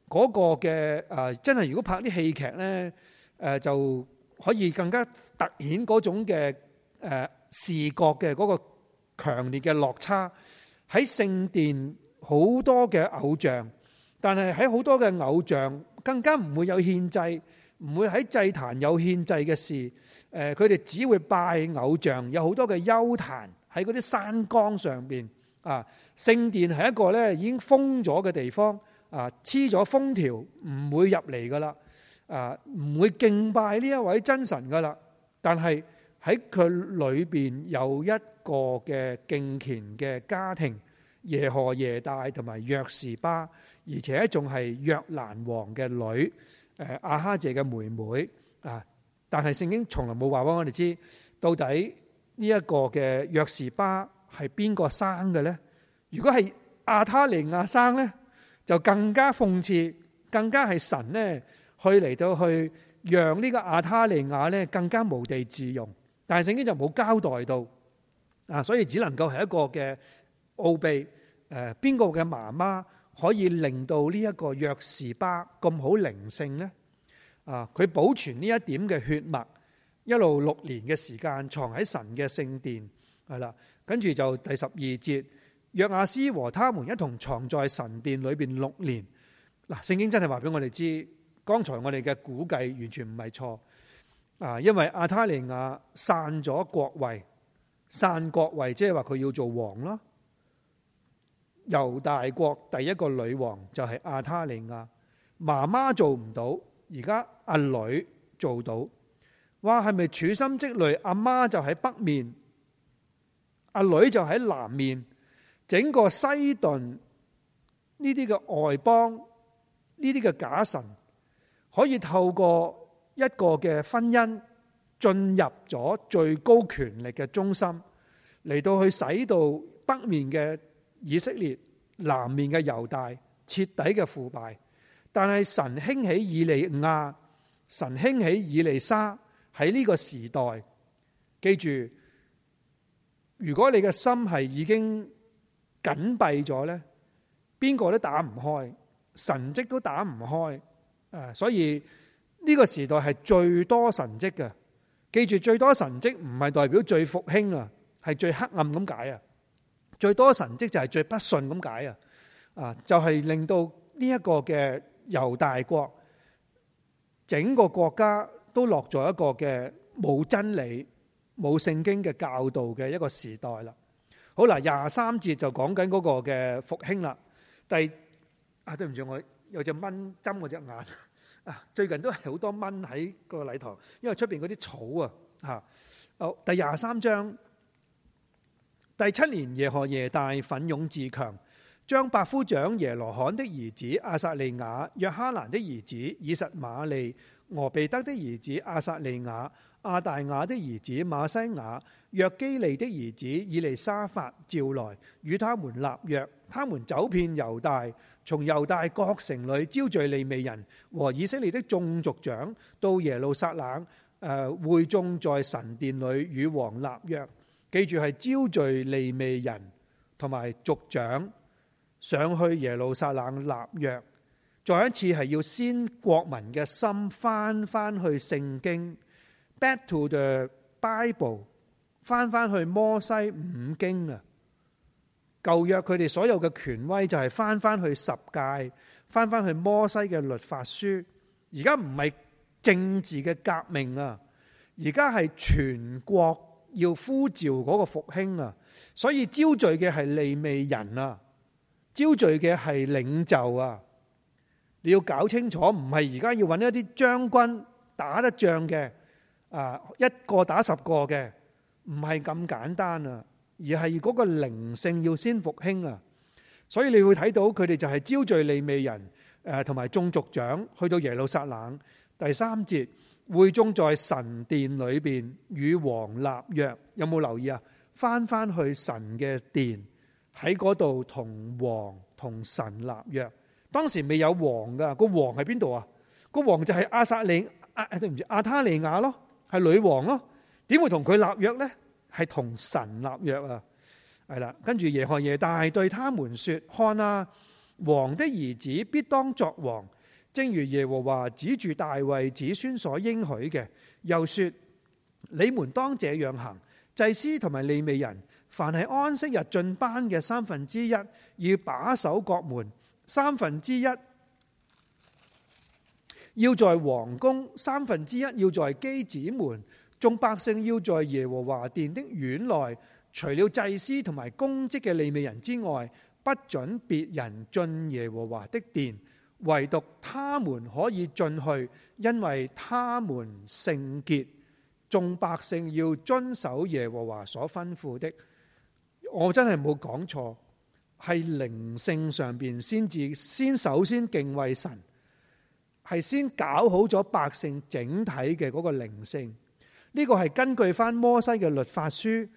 嗰、那個嘅啊，真係如果拍啲戲劇呢，誒，就可以更加凸顯嗰種嘅誒、呃、視覺嘅嗰、那個強烈嘅落差。喺聖殿好多嘅偶像，但係喺好多嘅偶像更加唔會有獻祭。唔會喺祭壇有獻祭嘅事，誒、呃，佢哋只會拜偶像。有好多嘅邱壇喺嗰啲山崗上邊啊，聖殿係一個咧已經封咗嘅地方啊，黐咗封條，唔會入嚟噶啦，啊，唔會敬拜呢一位真神噶啦。但係喺佢裏邊有一個嘅敬虔嘅家庭，耶何耶大同埋約士巴，而且仲係約蘭王嘅女。誒，亞哈姐嘅妹妹啊，但係聖經從來冇話俾我哋知，到底呢一個嘅約士巴係邊個生嘅咧？如果係亞他利雅生咧，就更加諷刺，更加係神咧去嚟到去讓呢個亞他利雅咧更加無地自容，但係聖經就冇交代到啊，所以只能夠係一個嘅奧秘誒，邊、呃、個嘅媽媽？可以令到呢一個約士巴咁好靈性呢啊！佢保存呢一點嘅血脈，一路六年嘅時間藏喺神嘅聖殿，係啦。跟住就第十二節，約亞斯和他們一同藏在神殿裏面六年。嗱、啊，聖經真係話俾我哋知，剛才我哋嘅估計完全唔係錯啊！因為亞他利雅散咗國位，散國位即係話佢要做王咯。由大國第一個女王就係亞他利雅，媽媽做唔到，而家阿女做到。哇，係咪處心積慮？阿媽就喺北面，阿女就喺南面，整個西頓呢啲嘅外邦，呢啲嘅假神，可以透過一個嘅婚姻進入咗最高權力嘅中心，嚟到去使到北面嘅。以色列南面嘅猶大徹底嘅腐敗，但係神興起以利亞，神興起以利沙喺呢個時代，記住，如果你嘅心係已經緊閉咗呢，邊個都打唔開，神跡都打唔開，所以呢個時代係最多神跡嘅，記住最多神跡唔係代表最復興啊，係最黑暗咁解啊。最多神蹟就係最不信咁解啊！啊，就係令到呢一個嘅猶大國，整個國家都落咗一個嘅冇真理，冇聖經嘅教導嘅一個時代啦。好啦，廿三節就講緊嗰個嘅復興啦。第啊，對唔住，我有隻蚊針我隻眼啊，最近都係好多蚊喺個禮堂，因為出邊嗰啲草啊吓。好，第廿三章。第七年，耶何耶大奮勇自強，將百夫長耶羅罕的兒子亞撒利雅、約哈難的兒子以實瑪利、俄備得的兒子亞撒利雅、亞大雅的兒子馬西亞、約基利的兒子以利沙法召來，與他們立約。他們走遍猶大，從猶大各城裏招聚利未人和以色列的眾族長，到耶路撒冷，誒、呃，會眾在神殿裏與王立約。記住係招聚利未人同埋族長上去耶路撒冷立約，再一次係要先國民嘅心翻翻去聖經，back to the Bible，翻翻去摩西五經啊，舊約佢哋所有嘅權威就係翻翻去十誡，翻翻去摩西嘅律法書。而家唔係政治嘅革命啊，而家係全國。要呼召嗰個復興啊,所以招聚嘅係利未人啊，招聚嘅係領袖啊，你要搞清楚，唔係而家要搵一啲將軍打得仗嘅，啊一個打十個嘅，唔係咁簡單啊，而係嗰個靈性要先復興啊，所以你會睇到佢哋就係招聚利未人，誒同埋眾族長去到耶路撒冷第三節。匯中在神殿裏邊與王立約，有冇留意啊？翻翻去神嘅殿，喺嗰度同王同神立約。當時未有王噶，個王喺邊度啊？個王就係阿薩利亞，對唔住，亞他利雅咯，係女王咯。點會同佢立約呢？係同神立約啊。係啦，跟住耶何耶大對他們說：看啊，王的兒子必當作王。正如耶和華指住大衛子孫所應許嘅，又說：你們當這樣行，祭司同埋利未人，凡係安息日進班嘅三分之一，要把守國門；三分之一要在王宮，三分之一要在基子門，眾百姓要在耶和華殿的院內。除了祭司同埋公職嘅利未人之外，不准別人進耶和華的殿。唯獨他們可以進去，因為他們聖潔。眾百姓要遵守耶和華所吩咐的。我真係冇講錯，係靈性上邊先至，先首先敬畏神，係先搞好咗百姓整體嘅嗰個靈性。呢個係根據翻摩西嘅律法書，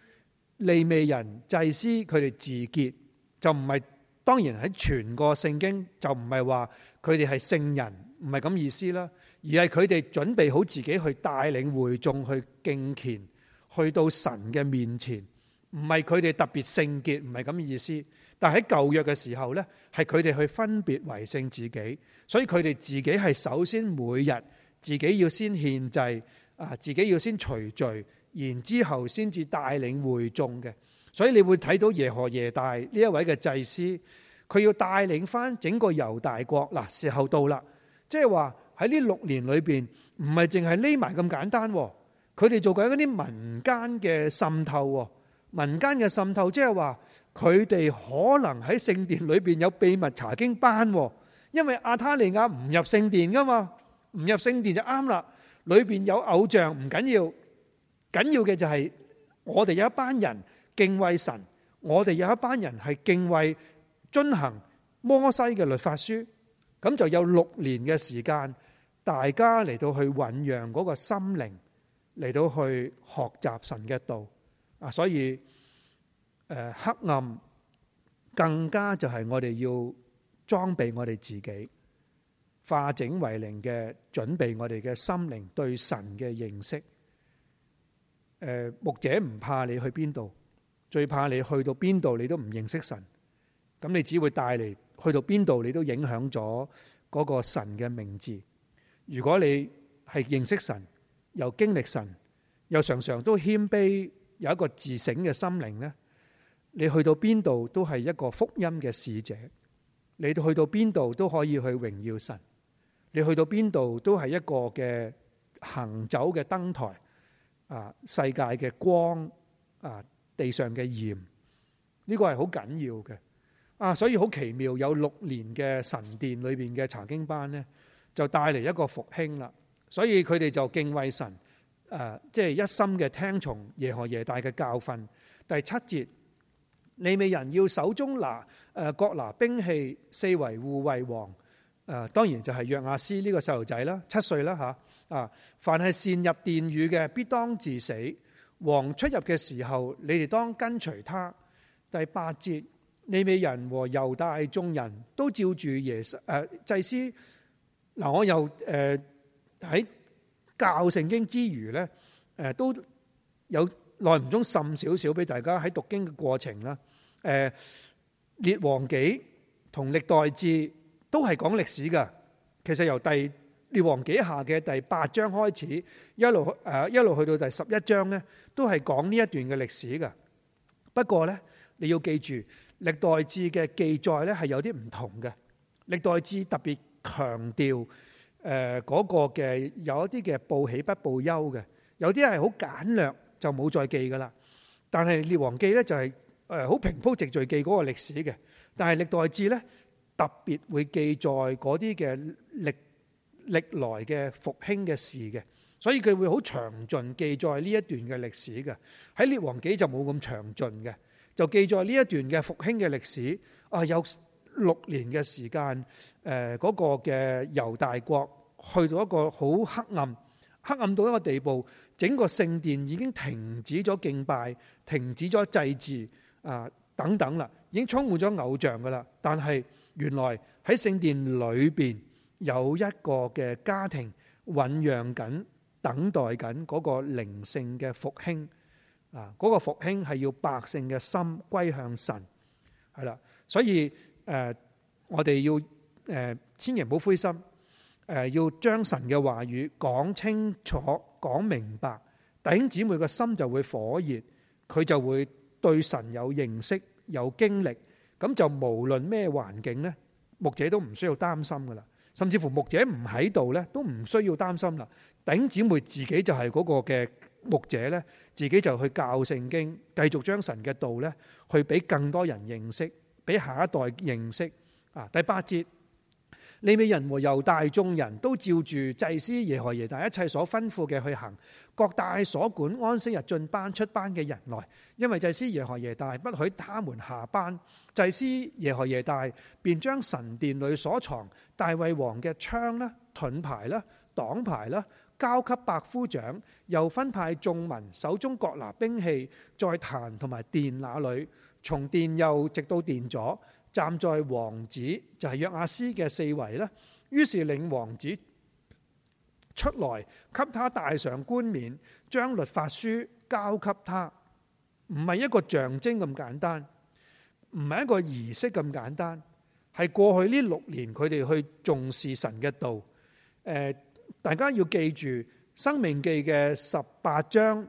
利未人祭司佢哋自潔就唔係。當然喺全個聖經就唔係話佢哋係聖人，唔係咁意思啦，而係佢哋準備好自己去帶領會眾去敬虔，去到神嘅面前，唔係佢哋特別聖潔，唔係咁意思。但喺舊約嘅時候呢，係佢哋去分別為聖自己，所以佢哋自己係首先每日自己要先獻祭，啊，自己要先除罪，然之後先至帶領會眾嘅。所以你會睇到耶何耶大呢一位嘅祭司，佢要帶領返整個猶大國。嗱，時候到啦，即係話喺呢六年裏邊，唔係淨係匿埋咁簡單。佢哋做緊嗰啲民間嘅滲透，民間嘅滲透，即係話佢哋可能喺聖殿裏邊有秘密查經班。因為亞他利雅唔入聖殿㗎嘛，唔入聖殿就啱啦。裏邊有偶像唔緊要，要，緊要嘅就係我哋有一班人。敬畏神，我哋有一班人係敬畏，遵行摩西嘅律法書，咁就有六年嘅時間，大家嚟到去醞釀嗰個心靈，嚟到去學習神嘅道啊！所以、呃，黑暗更加就係我哋要裝備我哋自己，化整為零嘅準備，我哋嘅心靈對神嘅認識。誒、呃，牧者唔怕你去邊度。最怕你去到邊度，你都唔認識神，咁你只會帶你去到邊度，你都影響咗嗰個神嘅名字。如果你係認識神，又經歷神，又常常都謙卑，有一個自省嘅心靈呢，你去到邊度都係一個福音嘅使者，你去到邊度都可以去榮耀神，你去到邊度都係一個嘅行走嘅燈台，啊，世界嘅光，啊。地上嘅鹽，呢、這個係好緊要嘅啊！所以好奇妙，有六年嘅神殿裏邊嘅查經班呢，就帶嚟一個復興啦。所以佢哋就敬畏神，誒、啊，即、就、係、是、一心嘅聽從耶何耶大嘅教訓。第七節，利未人要手中拿誒各、啊、拿兵器，四圍護衛王。誒、啊，當然就係約亞斯呢個細路仔啦，七歲啦吓啊！凡係擅入殿宇嘅，必當致死。王出入嘅時候，你哋當跟隨他。第八節，利未人和猶大眾人都照住耶穌誒祭司。嗱，我又誒喺、呃、教聖經之餘咧，誒、呃、都有耐唔中滲少少俾大家喺讀經嘅過程啦。誒、呃，列王紀同歷代志都係講歷史噶，其實由第。《列王記下》嘅第八章開始，一路誒一路去到第十一章呢，都係講呢一段嘅歷史噶。不過呢，你要記住，歷代志嘅記載呢係有啲唔同嘅。歷代志特別強調誒嗰個嘅有一啲嘅報喜不報憂嘅，有啲係好簡略就冇再記噶啦。但係《列王記》呢、就是，就係誒好平鋪直敘記嗰個歷史嘅。但係《歷代志》呢，特別會記載嗰啲嘅歷。歷來嘅復興嘅事嘅，所以佢會好詳盡記載呢一段嘅歷史嘅。喺列王紀就冇咁詳盡嘅，就記載呢一段嘅復興嘅歷史。啊，有六年嘅時間，誒，嗰個嘅猶大國去到一個好黑暗、黑暗到一個地步，整個聖殿已經停止咗敬拜、停止咗祭祀啊等等啦，已經充滿咗偶像噶啦。但係原來喺聖殿裏邊。有一個嘅家庭醞釀緊，等待緊嗰個靈性嘅復興啊！嗰個復興係要百姓嘅心歸向神係啦，所以誒，我哋要誒，千祈唔好灰心誒，要將神嘅話語講清楚、講明白，弟兄姊妹個心就會火熱，佢就會對神有認識、有經歷，咁就無論咩環境呢，牧者都唔需要擔心噶啦。甚至乎牧者唔喺度呢，都唔需要擔心啦。頂姊妹自己就係嗰個嘅牧者呢，自己就去教聖經，繼續將神嘅道呢，去俾更多人認識，俾下一代認識。啊，第八節。利未人和猶大眾人都照住祭司耶何耶大一切所吩咐嘅去行，各帶所管安息日進班出班嘅人來，因為祭司耶何耶大不許他們下班。祭司耶何耶大便將神殿裏所藏大衛王嘅槍啦、盾牌啦、擋牌啦交給百夫長，又分派眾民手中各拿兵器，在壇同埋殿那裏，從殿右直到殿左。站在王子就係、是、約亞斯嘅四圍咧，於是領王子出來，給他戴上冠冕，將律法書交給他，唔係一個象徵咁簡單，唔係一個儀式咁簡單，係過去呢六年佢哋去重視神嘅道。誒、呃，大家要記住《申命記》嘅十八章，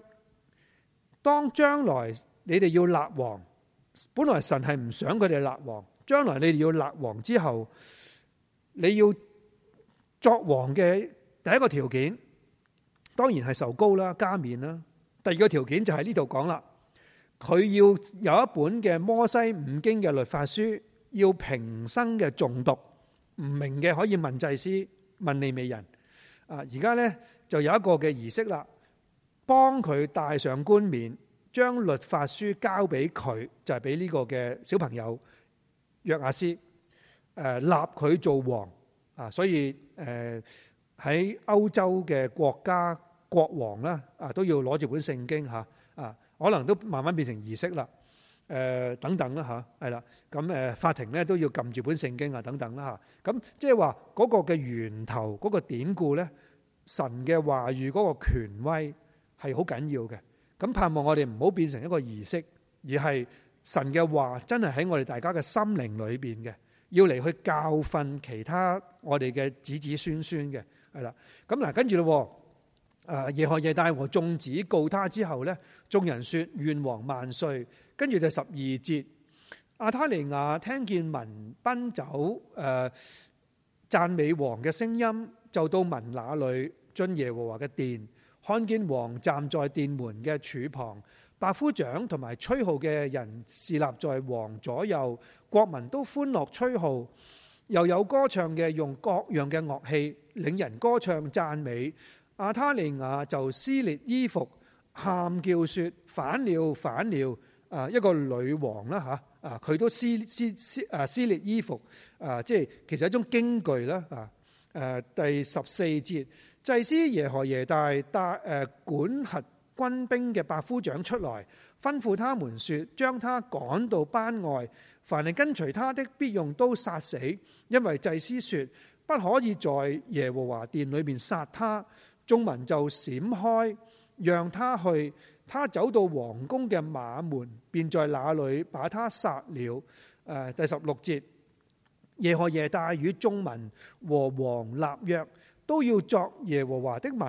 當將來你哋要立王，本來神係唔想佢哋立王。將來你哋要立王之後，你要作王嘅第一個條件，當然係受膏啦、加冕啦。第二個條件就係呢度講啦，佢要有一本嘅摩西五經嘅律法書，要平生嘅誦讀，唔明嘅可以問祭司、問利未人。啊，而家呢，就有一個嘅儀式啦，幫佢戴上冠冕，將律法書交俾佢，就係俾呢個嘅小朋友。約亞斯，誒立佢做王啊，所以誒喺歐洲嘅國家國王啦啊，都要攞住本聖經吓啊，可能都慢慢變成儀式啦，誒等等啦吓，係啦，咁誒法庭咧都要撳住本聖經啊等等啦吓，咁即係話嗰個嘅源頭嗰個典故咧，神嘅話語嗰個權威係好緊要嘅，咁盼望我哋唔好變成一個儀式，而係。神嘅話真係喺我哋大家嘅心靈裏邊嘅，要嚟去教訓其他我哋嘅子子孫孫嘅，係啦。咁嗱，跟住咯，誒，耶何耶大和眾子告他之後呢，眾人說願王萬歲。跟住就十二節，亞他利雅聽見民奔走誒、呃、讚美王嘅聲音，就到民那裏進耶和華嘅殿，看見王站在殿門嘅柱旁。百夫長同埋吹號嘅人侍立在王左右，國民都歡樂吹號，又有歌唱嘅用各樣嘅樂器，領人歌唱讚美。亞他利雅就撕裂衣服，喊叫說：反了，反了！啊，一個女王啦吓，啊，佢都撕撕撕啊，撕裂衣服啊，即係其實是一種驚懼啦啊。誒，第十四節，祭司耶何耶大搭誒、呃、管轄。軍兵嘅百夫長出來，吩咐他們說：將他趕到班外，凡係跟隨他的，必用刀殺死。因為祭司說：不可以在耶和華殿裏面殺他。眾民就閃開，讓他去。他走到王宮嘅馬門，便在那裏把他殺了。誒，第十六節，耶何耶大與眾民和王立約，都要作耶和華的民。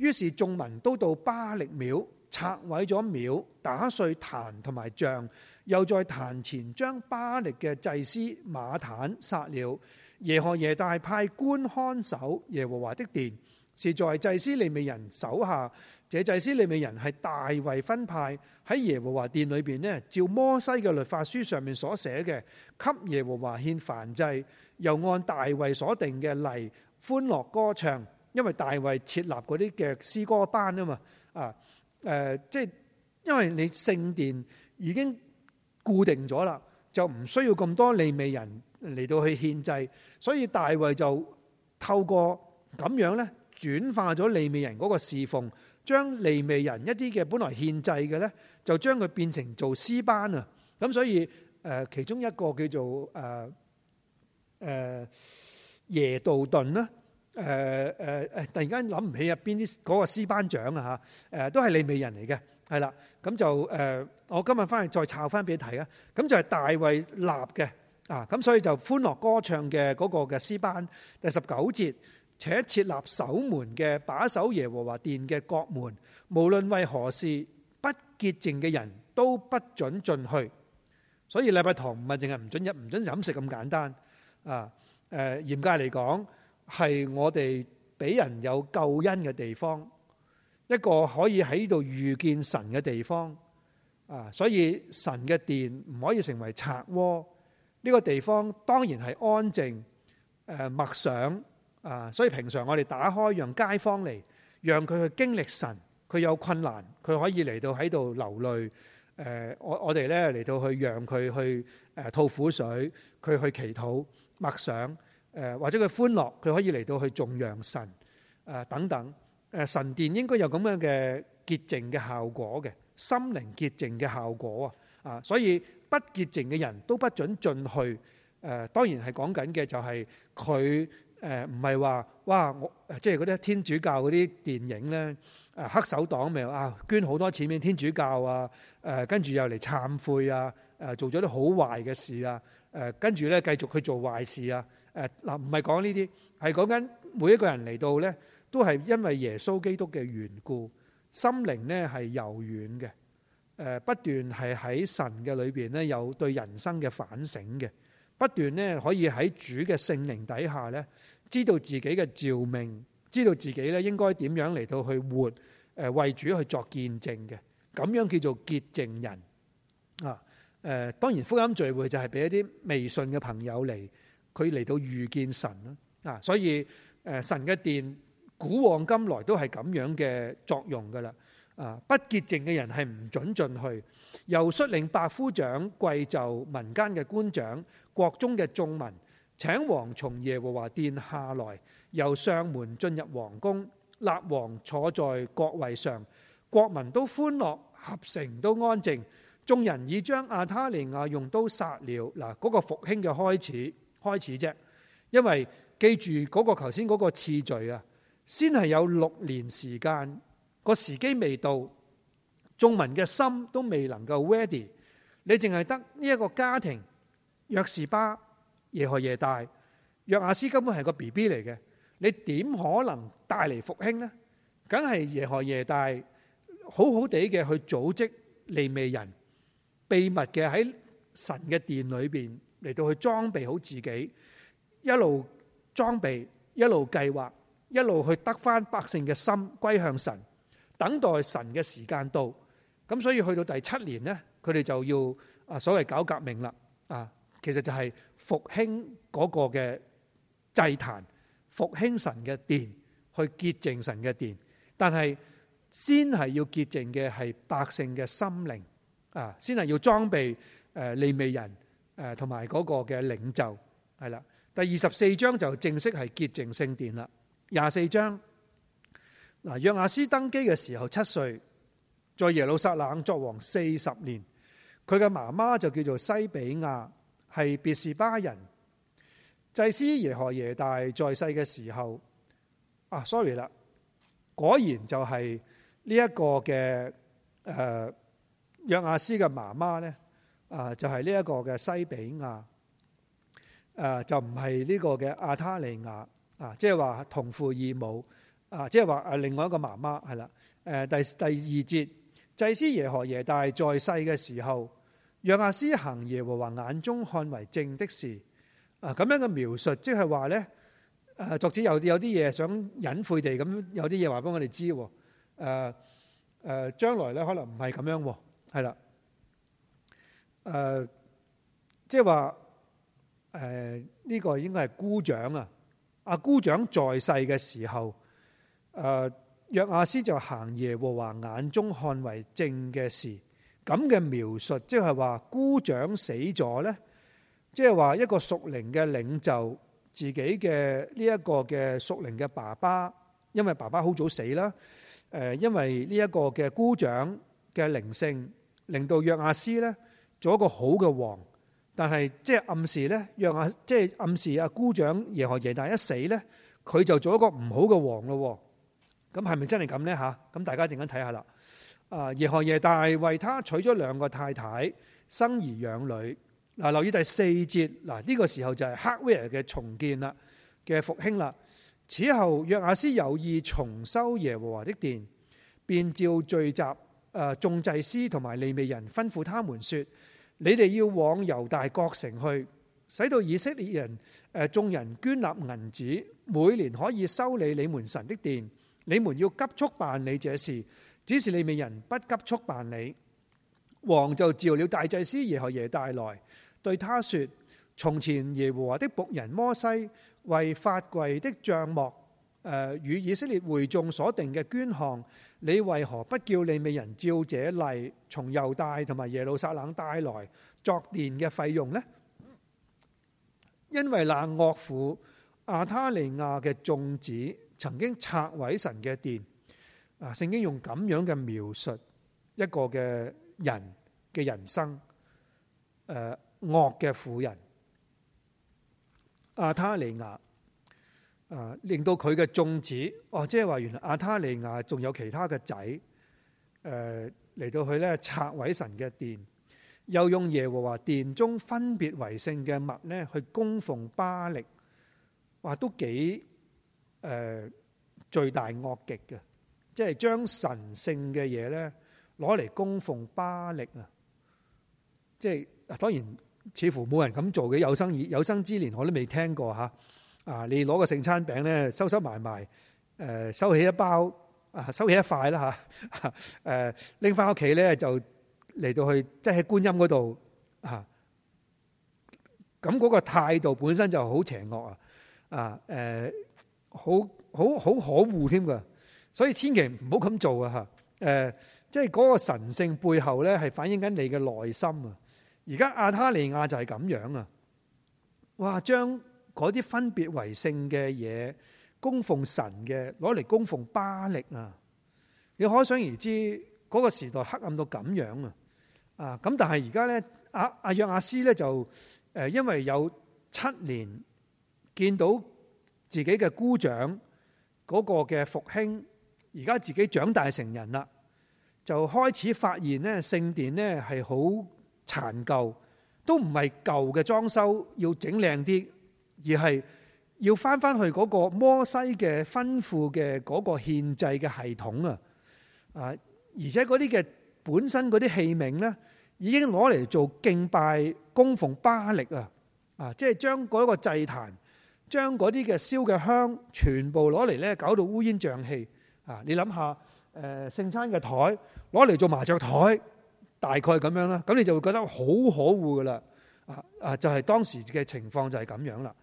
於是眾民都到巴力廟拆毀咗廟，打碎壇同埋像，又在壇前將巴力嘅祭司馬坦殺了。耶何耶大派官看守耶和華的殿，是在祭司利未人手下。這祭司利未人係大衛分派喺耶和華殿裏邊咧，照摩西嘅律法書上面所寫嘅，給耶和華獻燔祭，又按大衛所定嘅例歡樂歌唱。因為大衛設立嗰啲嘅詩歌班啊嘛，啊誒、呃，即係因為你聖殿已經固定咗啦，就唔需要咁多利未人嚟到去獻祭，所以大衛就透過咁樣咧轉化咗利未人嗰個侍奉，將利未人一啲嘅本來獻祭嘅咧，就將佢變成做詩班啊，咁所以誒、呃、其中一個叫做誒誒、呃呃、耶杜頓啦。誒誒誒，突然間諗唔起入邊啲嗰個詩班長啊嚇！誒、啊、都係利未人嚟嘅，係啦。咁就誒，我今日翻去再抄翻俾你睇啊。咁就係大衛立嘅啊，咁所以就歡樂歌唱嘅嗰個嘅詩班第十九節，且設立守門嘅把守耶和華殿嘅各門，無論為何事不潔淨嘅人都不准進去。所以禮拜堂唔係淨係唔准飲唔準飲食咁簡單啊！誒、啊、嚴格嚟講。係我哋俾人有救恩嘅地方，一個可以喺度遇見神嘅地方啊！所以神嘅殿唔可以成為賊窩。呢、這個地方當然係安靜默想啊！所以平常我哋打開，讓街坊嚟，讓佢去經歷神。佢有困難，佢可以嚟到喺度流淚。誒，我我哋呢嚟到他讓他去讓佢去誒吐苦水，佢去祈禱默想。誒或者佢歡樂，佢可以嚟到去頌揚神誒、呃、等等誒、呃、神殿應該有咁樣嘅潔淨嘅效果嘅，心靈潔淨嘅效果啊啊、呃！所以不潔淨嘅人都不准進去誒、呃。當然係講緊嘅就係佢誒，唔係話哇，我即係嗰啲天主教嗰啲電影呢，誒、呃、黑手黨咪、就是、啊捐好多錢俾天主教啊誒，跟、呃、住又嚟懺悔啊誒、呃，做咗啲好壞嘅事啊誒，跟住咧繼續去做壞事啊！誒、呃，嗱唔係講呢啲，係講緊每一個人嚟到呢，都係因為耶穌基督嘅緣故，心靈呢係柔軟嘅，誒、呃、不斷係喺神嘅裏邊呢，有對人生嘅反省嘅，不斷呢，可以喺主嘅聖靈底下呢，知道自己嘅召命，知道自己咧應該點樣嚟到去活，誒、呃、為主去作見證嘅，咁樣叫做潔淨人啊。誒、呃、當然福音聚會就係俾一啲未信嘅朋友嚟。佢嚟到遇見神啦啊，所以誒，神嘅殿古往今來都係咁樣嘅作用噶啦啊，不潔淨嘅人係唔准進去。又率領百夫長跪就民間嘅官長、國中嘅眾民，請王從耶和華殿下來，由上門進入王宮，立王坐在國位上，國民都歡樂，合城都安靜。眾人已將亞他利雅用刀殺了嗱，嗰個復興嘅開始。開始啫，因為記住嗰個頭先嗰個次序啊，先係有六年時間，個時機未到，眾民嘅心都未能夠 ready，你淨係得呢一個家庭，約士巴耶何耶大，約亞斯根本係個 BB 嚟嘅，你點可能帶嚟復興呢？梗係耶何耶大好好地嘅去組織利未人，秘密嘅喺神嘅殿裏邊。嚟到去裝備好自己，一路裝備，一路計劃，一路去得翻百姓嘅心歸向神，等待神嘅時間到。咁所以去到第七年咧，佢哋就要啊所謂搞革命啦。啊，其實就係復興嗰個嘅祭壇，復興神嘅殿，去潔淨神嘅殿。但係先係要潔淨嘅係百姓嘅心靈啊，先係要裝備誒利未人。誒，同埋嗰個嘅領袖係啦，第二十四章就正式係潔淨聖殿啦。廿四章，嗱，約亞斯登基嘅時候七歲，在耶路撒冷作王四十年。佢嘅媽媽就叫做西比亞，係別是巴人。祭司耶何耶大在世嘅時候，啊，sorry 啦，果然就係呢一個嘅誒、呃，約亞斯嘅媽媽咧。啊，就係呢一個嘅西比亞，啊，就唔係呢個嘅亞他利雅，啊，即係話同父異母，啊，即係話啊，另外一個媽媽係啦。誒、啊，第第二節，祭司耶何耶大在世嘅時候，約阿斯行耶和華眼中看為正的事，啊，咁樣嘅描述，即係話咧，誒、啊，作者有有啲嘢想隱晦地咁，有啲嘢話俾我哋知，誒、啊、誒，將、啊、來咧可能唔係咁樣，係啦。誒、呃，即係話誒呢個應該係姑丈啊！阿姑丈在世嘅時候，誒約亞斯就行耶和華眼中看為正嘅事。咁嘅描述，即係話姑丈死咗咧，即係話一個屬靈嘅領袖，自己嘅呢一個嘅屬靈嘅爸爸，因為爸爸好早死啦。誒、呃，因為呢一個嘅姑丈嘅靈性，令到約亞斯咧。做一個好嘅王，但係即係暗示呢，約亞即係暗示阿姑丈耶何耶大一死呢，佢就做一個唔好嘅王咯。咁係咪真係咁呢？吓，咁大家一陣間睇下啦。啊，耶何耶大為他娶咗兩個太太，生兒養女。嗱，留意第四節。嗱，呢個時候就係黑威爾嘅重建啦，嘅復興啦。此後約亞斯有意重修耶和華的殿，便召聚集誒眾祭司同埋利未人，吩咐他們說。你哋要往猶大各城去，使到以色列人誒呃、眾人捐納銀子，每年可以修理你們神的殿。你們要急速辦理這事，只是利未人不急速辦理。王就召了大祭司耶何耶大來，對他說：從前耶和華的僕人摩西為法櫃的帳幕。誒、呃、與以色列會眾所定嘅捐項，你為何不叫利未人照這例從猶大同埋耶路撒冷帶來作殿嘅費用呢？因為那惡婦亞他利雅嘅眾子曾經拆毀神嘅殿。啊，聖經用咁樣嘅描述一個嘅人嘅人生，誒、惡嘅婦人亞他利雅。啊！令到佢嘅眾子，哦，即係話原來亞他利雅仲有其他嘅仔，嚟、呃、到佢咧拆毀神嘅殿，又用耶和華殿中分別為聖嘅物咧去供奉巴力，話都幾誒罪大惡極嘅，即係將神聖嘅嘢咧攞嚟供奉巴力啊！即係當然似乎冇人咁做嘅，有生有生之年我都未聽過吓。啊！你攞個聖餐餅咧，收收埋埋，誒，收起一包，啊，收起一塊啦吓，誒、啊，拎翻屋企咧就嚟到去，即係喺觀音嗰度，吓、啊，咁、那、嗰個態度本身就好邪惡啊，啊，誒，好好好可惡添噶，所以千祈唔好咁做啊吓，誒、啊，即係嗰個神聖背後咧，係反映緊你嘅內心啊，而家亞他利雅就係咁樣啊，哇，將。嗰啲分別為聖嘅嘢，供奉神嘅攞嚟供奉巴力啊！你可想而知嗰個時代黑暗到咁樣啊！啊，咁但係而家咧，阿阿約阿斯咧就誒，因為有七年見到自己嘅姑丈嗰個嘅復興，而家自己長大成人啦，就開始發現咧聖殿咧係好殘舊，都唔係舊嘅裝修，要整靚啲。而係要翻翻去嗰個摩西嘅吩咐嘅嗰個憲制嘅系統啊啊！而且嗰啲嘅本身嗰啲器皿呢，已經攞嚟做敬拜供奉巴力啊啊！即係將嗰個祭壇，將嗰啲嘅燒嘅香，全部攞嚟咧搞到烏煙瘴氣啊！你諗下誒聖餐嘅台攞嚟做麻雀台，大概咁樣啦，咁你就會覺得好可惡噶啦啊啊！就係當時嘅情況就係咁樣啦。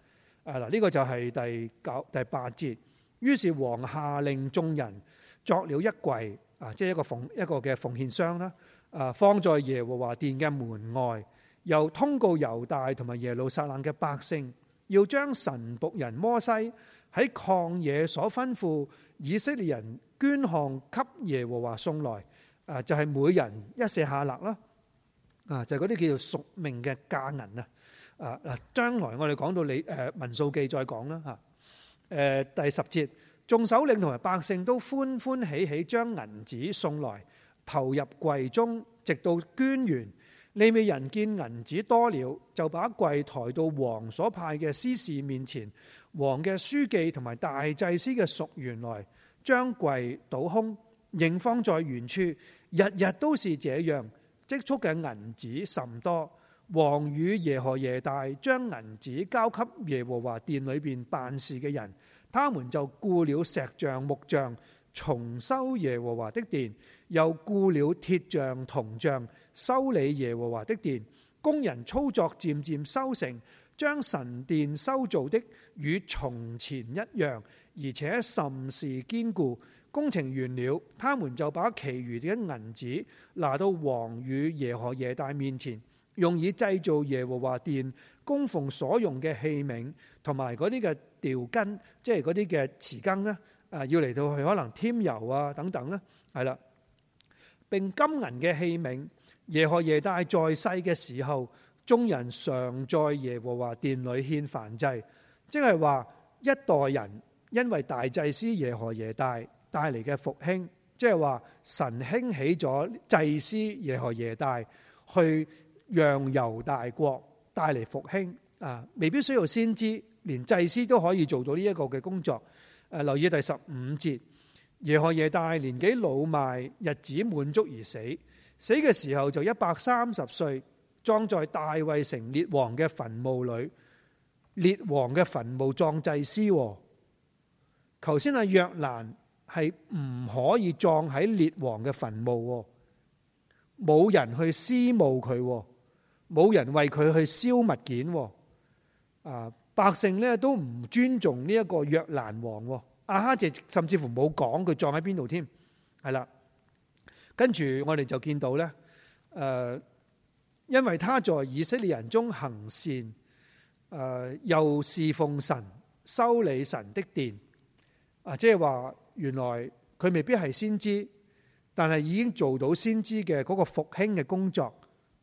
啊！呢個就係第九、第八節。於是王下令眾人作了一櫃啊，即係一個奉一個嘅奉獻箱啦。啊，放在耶和華殿嘅門外，又通告猶大同埋耶路撒冷嘅百姓，要將神僕人摩西喺曠野所吩咐以色列人捐項給耶和華送來。啊，就係每人一舍下勒啦。啊，就係嗰啲叫做屬命嘅價銀啊。啊嗱，將來我哋講到你誒、呃《民數記再講》再講啦嚇。誒第十節，眾首領同埋百姓都歡歡喜喜將銀子送來，投入櫃中，直到捐完。利未人見銀子多了，就把櫃抬到王所派嘅司事面前，王嘅書記同埋大祭司嘅屬員來將櫃倒空，仍放在原處。日日都是這樣，積蓄嘅銀子甚多。王與耶和耶大將銀子交給耶和華殿裏邊辦事嘅人，他們就僱了石匠、木匠重修耶和華的殿，又僱了鐵匠、銅匠，修理耶和華的殿。工人操作漸漸修成，將神殿修造的與從前一樣，而且甚是堅固。工程完了，他們就把其餘啲銀子拿到王與耶和耶大面前。用以製造耶和華殿供奉所用嘅器皿，同埋嗰啲嘅調羹，即係嗰啲嘅匙羹咧，啊，要嚟到去可能添油啊等等咧，係啦，並金銀嘅器皿。耶何耶大在世嘅時候，眾人常在耶和華殿裏獻燔祭，即係話一代人因為大祭司耶何耶大帶嚟嘅復興，即係話神興起咗祭司耶何耶大去。讓猶大國帶嚟復興啊，未必需要先知，連祭司都可以做到呢一個嘅工作。誒、啊，留意第十五節，耶何耶大年紀老邁，日子滿足而死，死嘅時候就一百三十歲，葬在大衛城列王嘅墳墓裏。列王嘅墳墓葬祭司、哦，頭先阿約蘭係唔可以葬喺列王嘅墳墓、哦，冇人去思慕佢、哦。冇人為佢去燒物件，啊！百姓咧都唔尊重呢一個約蘭王，亞哈謝甚至乎冇講佢葬喺邊度添，係啦。跟住我哋就見到咧，誒，因為他在以色列人中行善，誒又侍奉神，修理神的殿，啊，即係話原來佢未必係先知，但係已經做到先知嘅嗰個復興嘅工作。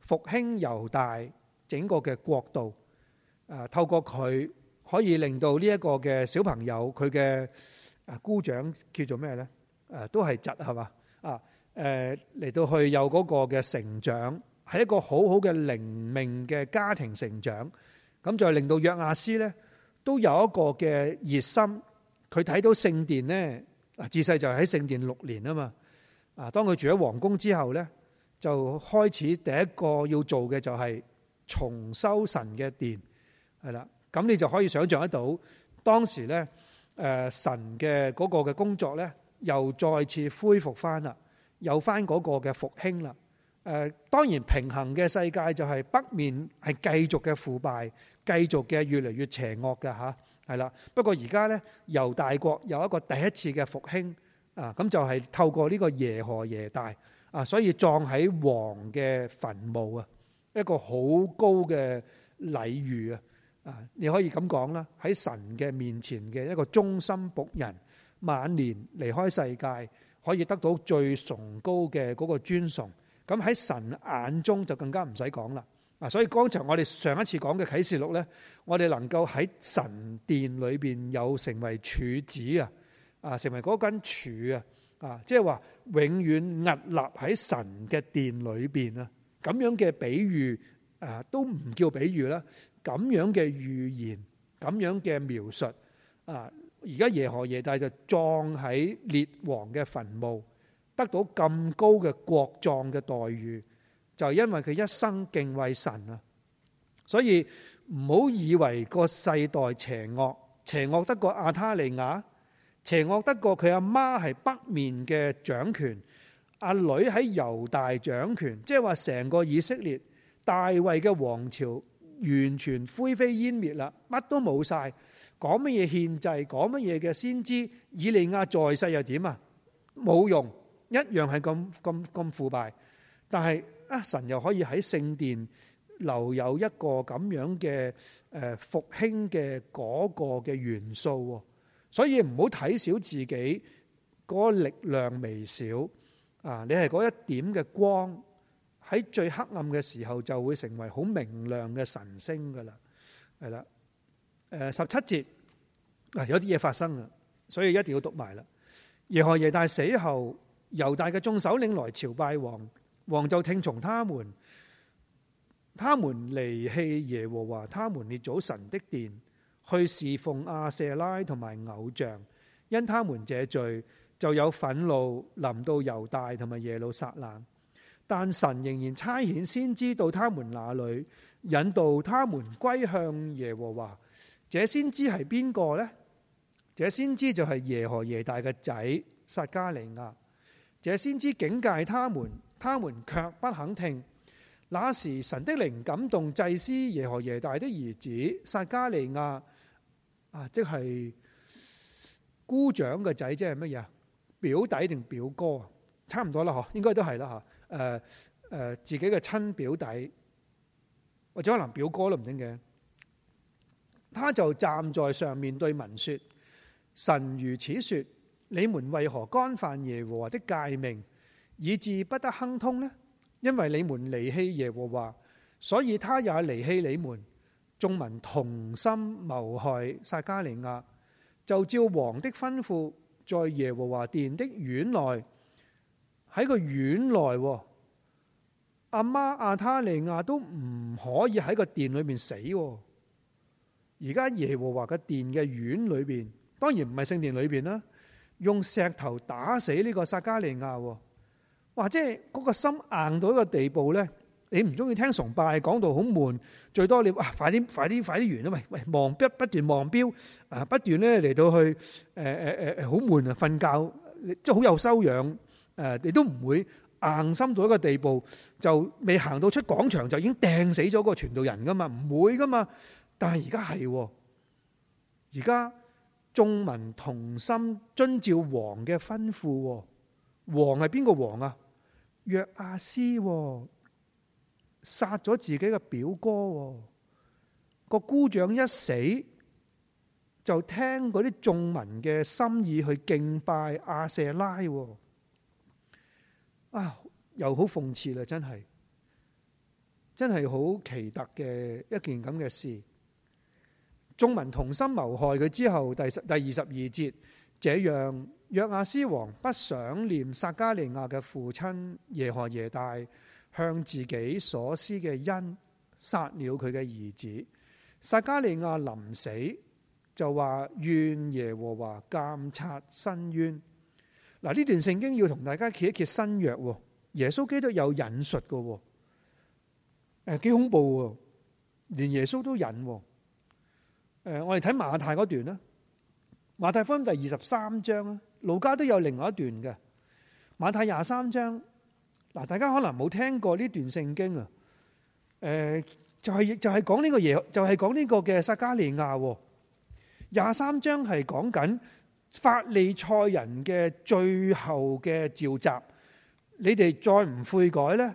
復興猶大整個嘅國度，啊，透過佢可以令到呢一個嘅小朋友佢嘅姑丈叫做咩咧？啊，都係侄係嘛？啊，誒嚟到去有嗰個嘅成長，係一個好好嘅靈命嘅家庭成長。咁就係令到約亞斯咧，都有一個嘅熱心。佢睇到聖殿咧，自細就喺聖殿六年啊嘛。啊，當佢住咗皇宮之後咧。就開始第一個要做嘅就係重修神嘅殿，係啦，咁你就可以想像得到當時呢誒、呃、神嘅嗰個嘅工作呢，又再次恢復翻啦，又翻嗰個嘅復興啦。誒、呃，當然平衡嘅世界就係北面係繼續嘅腐敗，繼續嘅越嚟越邪惡嘅嚇，係啦。不過而家呢，猶大國有一個第一次嘅復興啊，咁就係透過呢個耶何耶大。啊！所以葬喺王嘅墳墓啊，一個好高嘅禮遇啊！啊，你可以咁講啦，喺神嘅面前嘅一個忠心僕人，晚年離開世界，可以得到最崇高嘅嗰個尊崇。咁喺神眼中就更加唔使講啦。啊！所以剛才我哋上一次講嘅啟示錄呢，我哋能夠喺神殿裏邊有成為柱子啊，啊，成為嗰根柱啊。啊！即係話永遠屹立喺神嘅殿裏邊啊！咁樣嘅比喻啊，都唔叫比喻啦。咁樣嘅預言，咁樣嘅描述啊！而家耶何耶大就葬喺列王嘅墳墓，得到咁高嘅國葬嘅待遇，就因為佢一生敬畏神啊！所以唔好以為個世代邪惡，邪惡得過亞他利雅。邪惡得過佢阿媽係北面嘅掌權，阿女喺猶大掌權，即係話成個以色列大衛嘅王朝完全灰飛煙滅啦，乜都冇晒。講乜嘢憲制，講乜嘢嘅先知以利亞在世又點啊？冇用，一樣係咁咁咁腐敗。但係啊，神又可以喺聖殿留有一個咁樣嘅誒復興嘅嗰個嘅元素。所以唔好睇小自己嗰力量微小啊！你係嗰一點嘅光喺最黑暗嘅時候，就會成為好明亮嘅神星噶啦，係啦。呃，十七節有啲嘢發生啦，所以一定要讀埋啦。耶何耶大死後，猶大嘅眾首領來朝拜王，王就聽從他們。他們離棄耶和華，他們列祖神的殿。去侍奉亞舍拉同埋偶像，因他們這罪就有憤怒臨到猶大同埋耶路撒冷。但神仍然差遣先知到他們那裏，引導他們歸向耶和華。這先知係邊個呢？這先知就係耶何耶大嘅仔撒加利亞。這先知警戒他們，他們卻不肯聽。那時神的靈感動祭司耶何耶大的兒子撒加利亞。啊！即係姑丈嘅仔，即係乜嘢啊？表弟定表哥啊？差唔多啦，嗬，應該都係啦，嚇、呃。誒、呃、誒，自己嘅親表弟或者可能表哥都唔定嘅。他就站在上面對民説：神如此説，你們為何干犯耶和華的誡命，以致不得亨通呢？因為你們離棄耶和華，所以他也離棄你們。眾民同心謀害撒加利亞，就照王的吩咐，在耶和華殿的院內，喺個院內，阿媽亞他利雅都唔可以喺個殿裏面死。而家耶和華嘅殿嘅院裏邊，當然唔係聖殿裏邊啦，用石頭打死呢個撒加利亞。或者係嗰個心硬到一個地步呢。你唔中意聽崇拜講到好悶，最多你哇快啲快啲快啲完啊！喂喂，不斷望不不斷望表啊，不斷咧嚟到去誒誒誒誒好悶啊，瞓、呃呃呃、覺即係好有修養誒、呃，你都唔會硬心到一個地步就未行到出廣場就已經掟死咗個傳道人㗎嘛，唔會㗎嘛。但係而家係而家眾民同心遵照王嘅吩咐，王係邊個王啊？約阿斯、啊。殺咗自己嘅表哥，那個姑丈一死就聽嗰啲眾民嘅心意去敬拜阿舍拉，啊，又好諷刺啦，真係，真係好奇特嘅一件咁嘅事。眾民同心謀害佢之後，第十第二十二節，這樣約亞斯王不想念撒加利亞嘅父親耶何耶大，向自己所施嘅恩殺了佢嘅兒子，撒加利亞臨死就話怨耶和華鑒察伸冤。嗱，呢段聖經要同大家揭一揭新約，耶穌基督有引述嘅，誒，幾恐怖喎，連耶穌都引。誒，我哋睇馬太嗰段啦，馬太福音第二十三章啊，路加都有另外一段嘅，馬太廿三章。嗱，大家可能冇聽過呢段聖經啊，誒、呃，就係就係講呢個耶，就係講呢個嘅、就是、撒加利亞，廿三章係講緊法利賽人嘅最後嘅召集，你哋再唔悔改呢，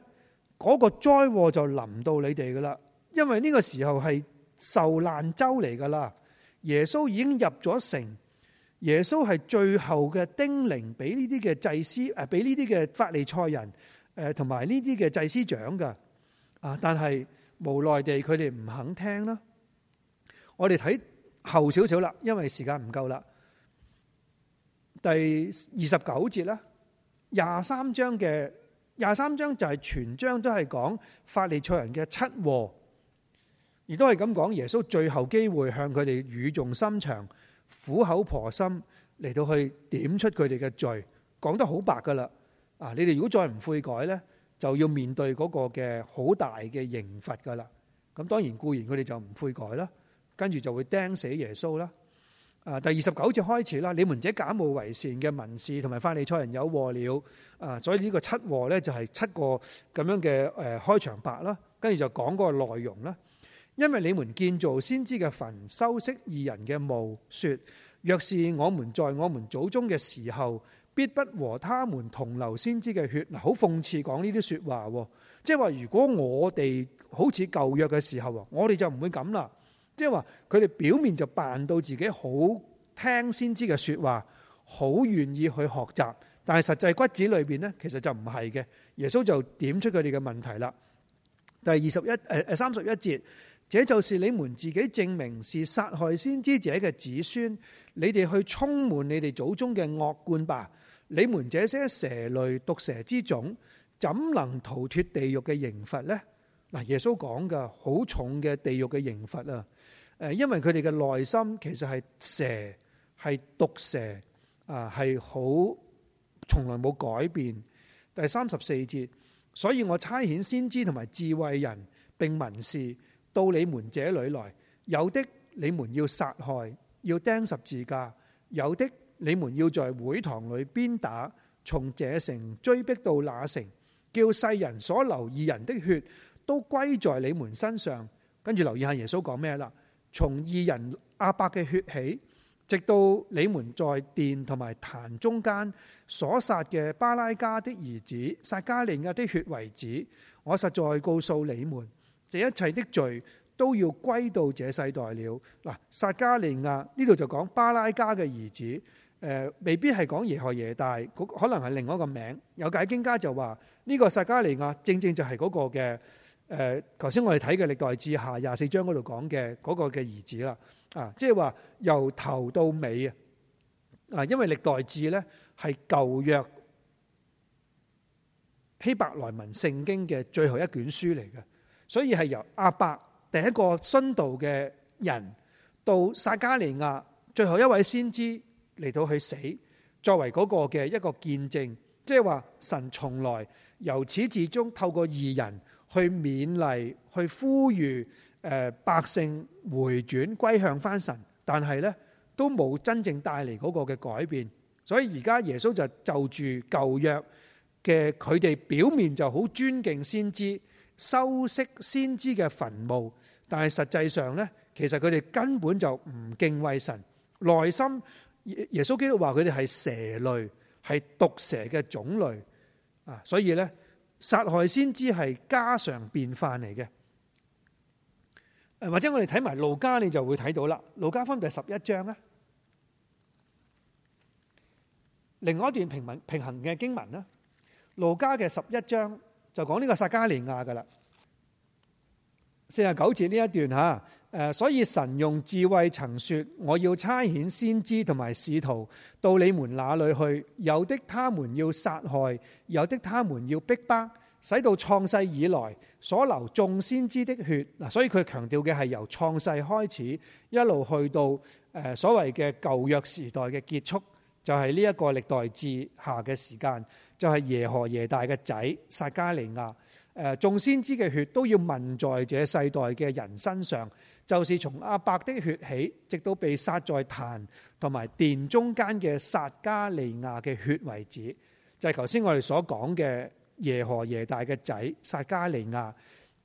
嗰、那個災禍就臨到你哋噶啦，因為呢個時候係受難周嚟噶啦，耶穌已經入咗城，耶穌係最後嘅叮嚀，俾呢啲嘅祭司誒，俾呢啲嘅法利賽人。誒，同埋呢啲嘅祭司長噶，啊！但係無奈地，佢哋唔肯聽啦。我哋睇後少少啦，因為時間唔夠啦。第二十九節啦，廿三章嘅廿三章就係全章都係講法利賽人嘅七禍，亦都係咁講耶穌最後機會向佢哋語重心長、苦口婆心嚟到去點出佢哋嘅罪，講得好白噶啦。啊！你哋如果再唔悔改呢，就要面對嗰個嘅好大嘅刑罰噶啦。咁當然固然佢哋就唔悔改啦，跟住就會釘死耶穌啦。第二十九節開始啦，你們這假冒為善嘅文士同埋法利賽人有禍了。啊！所以呢個七禍呢，就係七個咁樣嘅誒開場白啦，跟住就講嗰個內容啦。因為你們建造先知嘅墳，修飾義人嘅墓，説若是我們在我們祖宗嘅時候。必不和他們同流先知嘅血，好諷刺講呢啲說話，即係話如果我哋好似舊約嘅時候啊，我哋就唔會咁啦。即係話佢哋表面就扮到自己好聽先知嘅說話，好願意去學習，但係實際骨子裏邊呢，其實就唔係嘅。耶穌就點出佢哋嘅問題啦。第二十一誒誒三十一節，這就是你們自己證明是殺害先知者嘅子孫，你哋去充滿你哋祖宗嘅惡貫吧。你們這些蛇類毒蛇之種，怎能逃脫地獄嘅刑罰呢？嗱，耶穌講嘅好重嘅地獄嘅刑罰啊！誒，因為佢哋嘅內心其實係蛇，係毒蛇啊，係好從來冇改變。第三十四節，所以我差遣先知同埋智慧人並文士到你們這裏來，有的你們要殺害，要釘十字架，有的。你們要在會堂裏鞭打，從這城追逼到那城，叫世人所流義人的血都歸在你們身上。跟住留意下耶穌講咩啦？從義人亞伯嘅血起，直到你們在殿同埋壇中間所殺嘅巴拉加的兒子撒加利亞的血為止。我實在告訴你們，這一切的罪都要歸到這世代了。嗱，撒加利亞呢度就講巴拉加嘅兒子。誒，未必係講耶何耶大，但係可能係另外一個名。有解經家就話呢個撒迦利亞正正就係嗰個嘅誒。頭先我哋睇嘅《歷代志》下廿四章嗰度講嘅嗰個嘅兒子啦，啊，即係話由頭到尾啊，因為《歷代志》呢係舊約希伯來文聖經嘅最後一卷書嚟嘅，所以係由亞伯第一個殉道嘅人到撒迦利亞最後一位先知。嚟到去死，作為嗰個嘅一個見證，即係話神從來由始至終透過義人去勉勵、去呼籲誒、呃、百姓回轉歸向翻神，但係呢都冇真正帶嚟嗰個嘅改變。所以而家耶穌就就住舊約嘅佢哋表面就好尊敬先知，修飾先知嘅墳墓，但係實際上呢，其實佢哋根本就唔敬畏神，內心。耶穌基督話佢哋係蛇類，係毒蛇嘅種類啊，所以咧殺害先知係家常便飯嚟嘅。誒，或者我哋睇埋路加，你就會睇到啦。路加分別係十一章啊。另外一段平文平行嘅經文啦，路加嘅十一章就講呢個撒加利亞噶啦，四十九節呢一段吓。誒，所以神用智慧曾說：我要差遣先知同埋使徒到你們那裡去。有的他們要殺害，有的他們要逼迫，使到創世以來所流眾先知的血。嗱，所以佢強調嘅係由創世開始，一路去到誒所謂嘅舊約時代嘅結束，就係呢一個歷代志下嘅時間，就係、是、耶何耶大嘅仔撒迦利亞。誒、呃，眾先知嘅血都要問在這世代嘅人身上。就是從阿伯的血起，直到被殺在壇同埋殿中間嘅撒加利亞嘅血為止，就係頭先我哋所講嘅耶何耶大嘅仔撒加利亞，誒、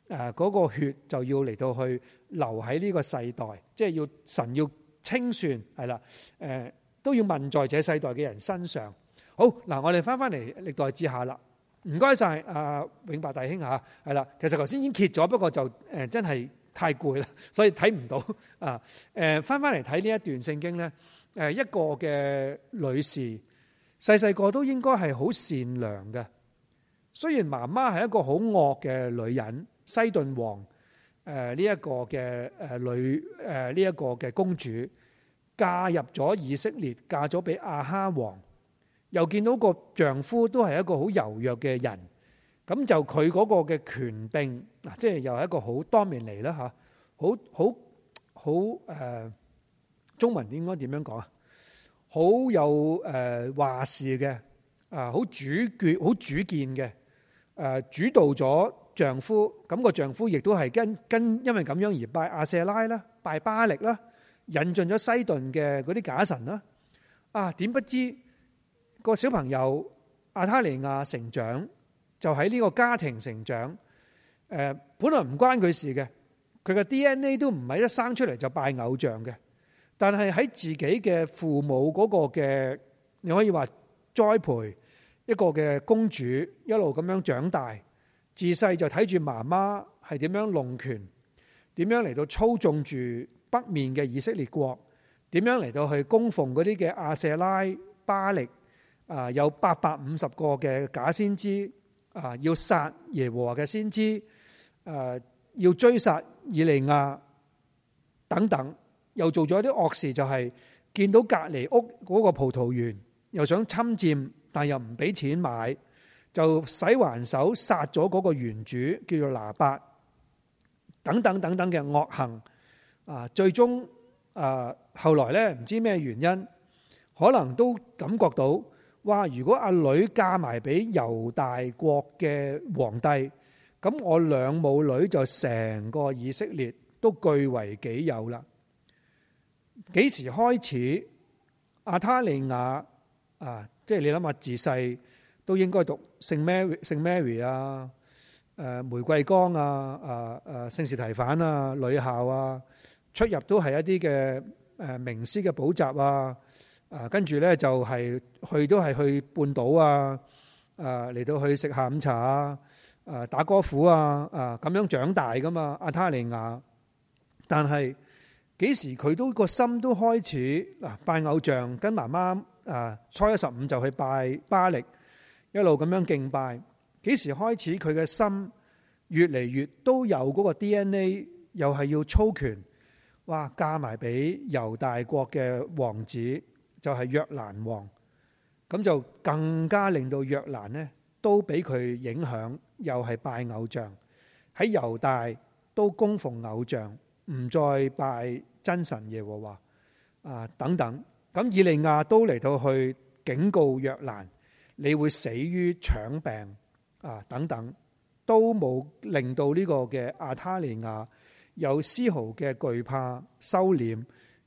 呃、嗰、那個血就要嚟到去留喺呢個世代，即係要神要清算，係啦，誒、呃、都要問在這世代嘅人身上。好嗱、呃，我哋翻翻嚟歷代之下啦，唔該晒，阿、呃、永伯大兄嚇，係、啊、啦，其實頭先已經揭咗，不過就誒、呃、真係。太攰啦，所以睇唔到啊！誒、嗯，翻翻嚟睇呢一段聖經咧，誒一個嘅女士，細細個都應該係好善良嘅。雖然媽媽係一個好惡嘅女人，西頓王誒呢一個嘅誒女誒呢一個嘅公主，嫁入咗以色列，嫁咗俾亞哈王，又見到個丈夫都係一個好柔弱嘅人。咁就佢嗰個嘅權柄，嗱，即係又係一個好當面嚟啦，好好好，誒，中文應該點樣講啊？好有誒話事嘅，啊、呃，好主決、好、呃、主見嘅、呃，主導咗丈夫，咁個丈夫亦都係跟跟，因為咁樣而拜阿舍拉啦，拜巴力啦，引進咗西頓嘅嗰啲假神啦，啊，點不知、個小朋友亞他利雅成長。就喺呢個家庭成長，誒、呃、本來唔關佢事嘅，佢嘅 D N A 都唔係一生出嚟就拜偶像嘅。但係喺自己嘅父母嗰個嘅，你可以話栽培一個嘅公主，一路咁樣長大，自細就睇住媽媽係點樣弄權，點樣嚟到操縱住北面嘅以色列國，點樣嚟到去供奉嗰啲嘅阿舍拉巴力啊、呃，有八百五十個嘅假先知。啊！要殺耶和華嘅先知，誒，要追殺以利亞等等，又做咗啲惡事、就是，就係見到隔籬屋嗰個葡萄園，又想侵佔，但又唔俾錢買，就使還手殺咗嗰個園主，叫做拿伯，等等等等嘅惡行，啊！最終誒，後來咧唔知咩原因，可能都感覺到。哇！如果阿女嫁埋俾猶大國嘅皇帝，咁我兩母女就成個以色列都據為己有啦。幾時開始？亞他利雅啊，即係你諗下自細都應該讀聖 Mary、聖 Mary 啊，誒玫瑰崗啊，啊啊聖士提反啊，女校啊，出入都係一啲嘅誒名師嘅補習啊。啊，跟住咧就係去都係去半島啊，啊嚟到去食下午茶啊，啊，啊打歌府啊，啊咁樣長大噶嘛，亞他利雅。但係幾時佢都個心都開始嗱、啊、拜偶像，跟媽媽啊初一十五就去拜巴力，一路咁樣敬拜。幾時開始佢嘅心越嚟越都有嗰個 DNA，又係要操拳，哇嫁埋俾猶大國嘅王子。就係約蘭王，咁就更加令到約蘭呢，都俾佢影響，又係拜偶像，喺猶大都供奉偶像，唔再拜真神耶和華啊等等。咁以利亞都嚟到去警告約蘭，你會死於腸病啊等等，都冇令到呢個嘅亞他利雅有絲毫嘅懼怕收斂，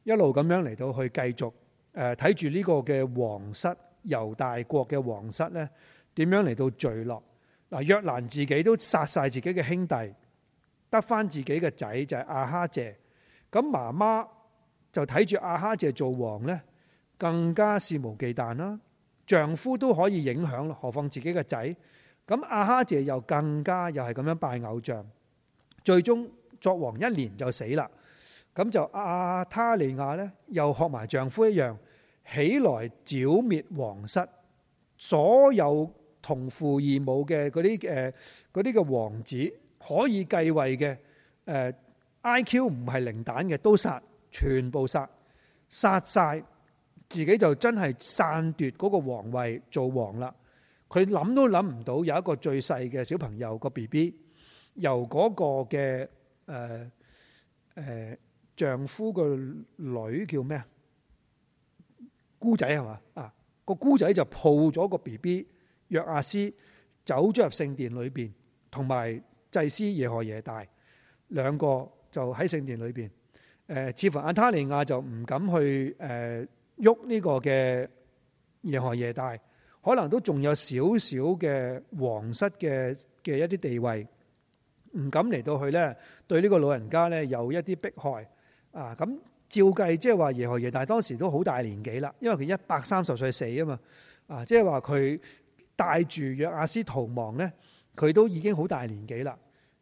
一路咁樣嚟到去繼續。誒，睇住呢個嘅皇室猶大國嘅皇室呢，點樣嚟到墜落？嗱，約蘭自己都殺晒自己嘅兄弟，得返自己嘅仔就係阿哈謝。咁媽媽就睇住阿哈謝做王呢，更加肆無忌憚啦。丈夫都可以影響，何況自己嘅仔？咁阿哈謝又更加又係咁樣拜偶像，最終作王一年就死啦。咁就亞他利雅呢，又學埋丈夫一樣。起來剿滅皇室，所有同父異母嘅嗰啲，誒，嗰啲嘅王子可以繼位嘅，誒、啊，IQ 唔係零蛋嘅都殺，全部殺，殺晒，自己就真係篡奪嗰個皇位做王啦。佢諗都諗唔到，有一個最細嘅小朋友、個 BB，由嗰個嘅誒誒丈夫個女叫咩啊？姑仔係嘛？啊，個姑仔就抱咗個 B B 約阿斯走咗入聖殿裏邊，同埋祭司耶何耶大兩個就喺聖殿裏邊。誒、呃，似乎亞他利雅就唔敢去誒喐呢個嘅耶何耶大，可能都仲有少少嘅皇室嘅嘅一啲地位，唔敢嚟到去咧，對呢個老人家咧有一啲迫害啊咁。照計即係話耶何耶大當時都好大年紀啦，因為佢一百三十歲死啊嘛，啊即係話佢帶住約亞斯逃亡呢，佢都已經好大年紀啦，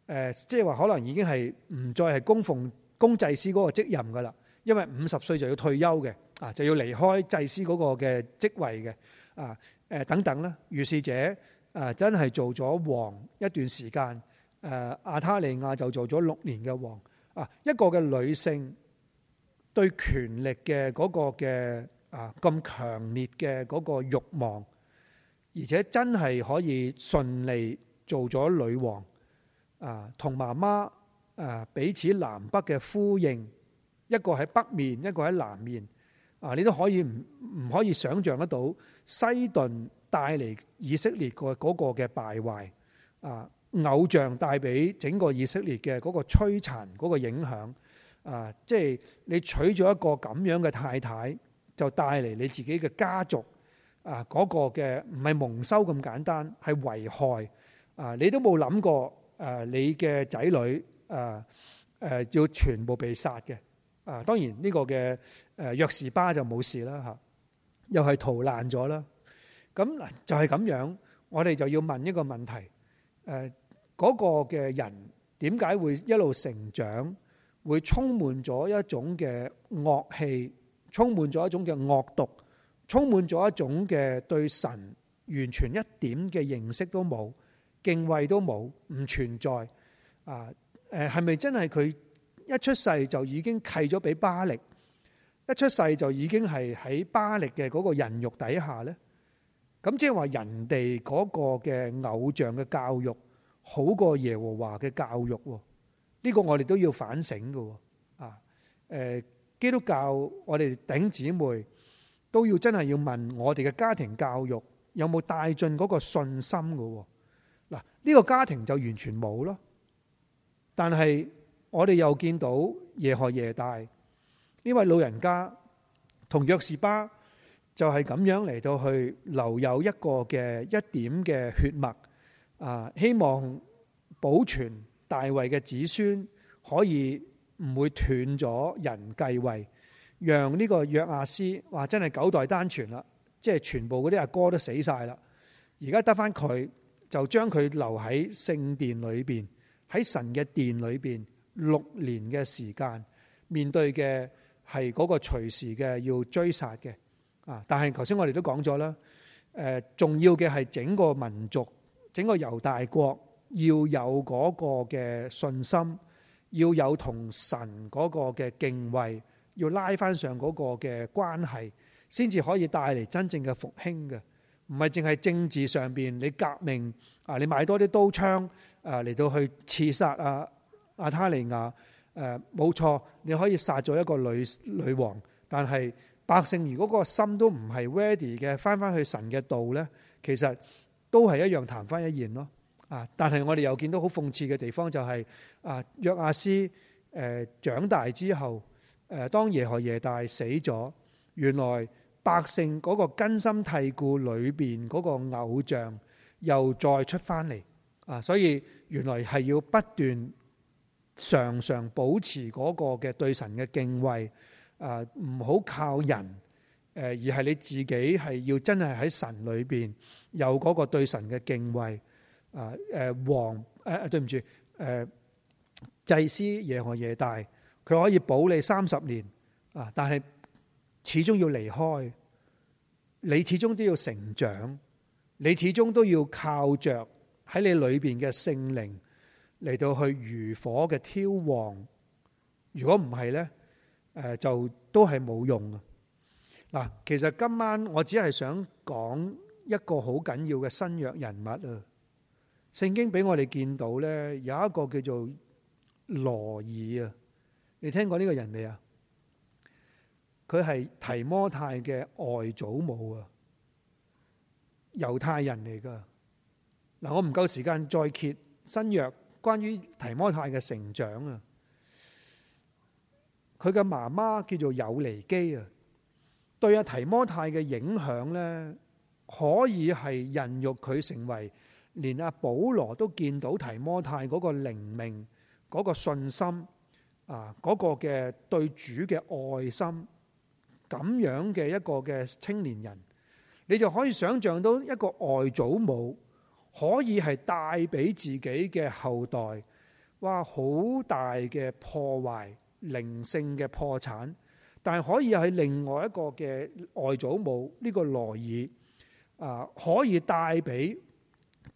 誒即係話可能已經係唔再係供奉公祭司嗰個職任噶啦，因為五十歲就要退休嘅。啊就要離開祭司嗰個嘅職位嘅，啊誒等等啦，如是者啊真係做咗王一段時間，誒亞他利雅就做咗六年嘅王，啊一個嘅女性。對權力嘅嗰個嘅啊咁強烈嘅嗰個欲望，而且真係可以順利做咗女王啊，同媽媽啊彼此南北嘅呼應，一個喺北面，一個喺南面啊，你都可以唔唔可以想象得到西頓帶嚟以色列嘅嗰個嘅敗壞啊，偶像帶俾整個以色列嘅嗰個摧殘嗰個影響。啊！即係你娶咗一個咁樣嘅太太，就帶嚟你自己嘅家族啊嗰、那個嘅唔係蒙羞咁簡單，係危害啊！你都冇諗過誒，你嘅仔女誒誒要全部被殺嘅啊、呃！當然呢個嘅誒約示巴就冇事啦吓，又係逃難咗啦。咁就係咁樣，我哋就要問一個問題：誒、呃，嗰、那個嘅人點解會一路成長？會充滿咗一種嘅惡氣，充滿咗一種嘅惡毒，充滿咗一種嘅對神完全一點嘅認識都冇，敬畏都冇，唔存在啊！係咪真係佢一出世就已經契咗俾巴力？一出世就已經係喺巴力嘅嗰個人肉底下呢？咁即係話人哋嗰個嘅偶像嘅教育好過耶和華嘅教育喎？呢個我哋都要反省嘅，啊，誒，基督教我哋頂姊妹都要真係要問我哋嘅家庭教育有冇帶進嗰個信心嘅，嗱，呢個家庭就完全冇咯。但係我哋又見到耶何耶大呢位老人家同約示巴就係咁樣嚟到去留有一個嘅一點嘅血脈，啊，希望保存。大衛嘅子孫可以唔會斷咗人繼位，讓呢個約亞斯話真係九代單傳啦，即係全部嗰啲阿哥都死晒啦，而家得返佢，就將佢留喺聖殿裏邊，喺神嘅殿裏邊六年嘅時間，面對嘅係嗰個隨時嘅要追殺嘅啊。但係頭先我哋都講咗啦，誒，重要嘅係整個民族，整個猶大國。要有嗰個嘅信心，要有同神嗰個嘅敬畏，要拉翻上嗰個嘅關係，先至可以帶嚟真正嘅復興嘅。唔係淨係政治上邊你革命啊，你買多啲刀槍啊嚟到去刺殺啊阿塔利亞誒，冇錯你可以殺咗一個女女王，但係百姓如果個心都唔係 ready 嘅，翻翻去神嘅道呢，其實都係一樣談翻一言咯。啊！但係我哋又見到好諷刺嘅地方就係啊，約亞斯誒長大之後誒，當耶何耶大死咗，原來百姓嗰個根深蒂固裏邊嗰個偶像又再出翻嚟啊！所以原來係要不斷常常保持嗰個嘅對神嘅敬畏啊，唔好靠人誒，而係你自己係要真係喺神裏邊有嗰個對神嘅敬畏。啊！誒，王，誒誒，對唔住，誒祭司耶何耶大，佢可以保你三十年啊，但係始終要離開，你始終都要成長，你始終都要靠着喺你裏邊嘅聖靈嚟到去如火嘅挑旺。如果唔係咧，誒就都係冇用啊！嗱，其實今晚我只係想講一個好緊要嘅新約人物啊！聖經俾我哋見到咧，有一個叫做羅以啊，你聽過呢個人未啊？佢係提摩太嘅外祖母啊，猶太人嚟噶。嗱，我唔夠時間再揭新約關於提摩太嘅成長啊。佢嘅媽媽叫做友尼基啊，對阿提摩太嘅影響咧，可以係孕育佢成為。連阿保羅都見到提摩太嗰個靈命，嗰個信心啊，嗰個嘅對主嘅愛心，咁樣嘅一個嘅青年人，你就可以想象到一個外祖母可以係帶俾自己嘅後代，哇！好大嘅破壞靈性嘅破產，但係可以係另外一個嘅外祖母呢個羅爾啊，可以帶俾。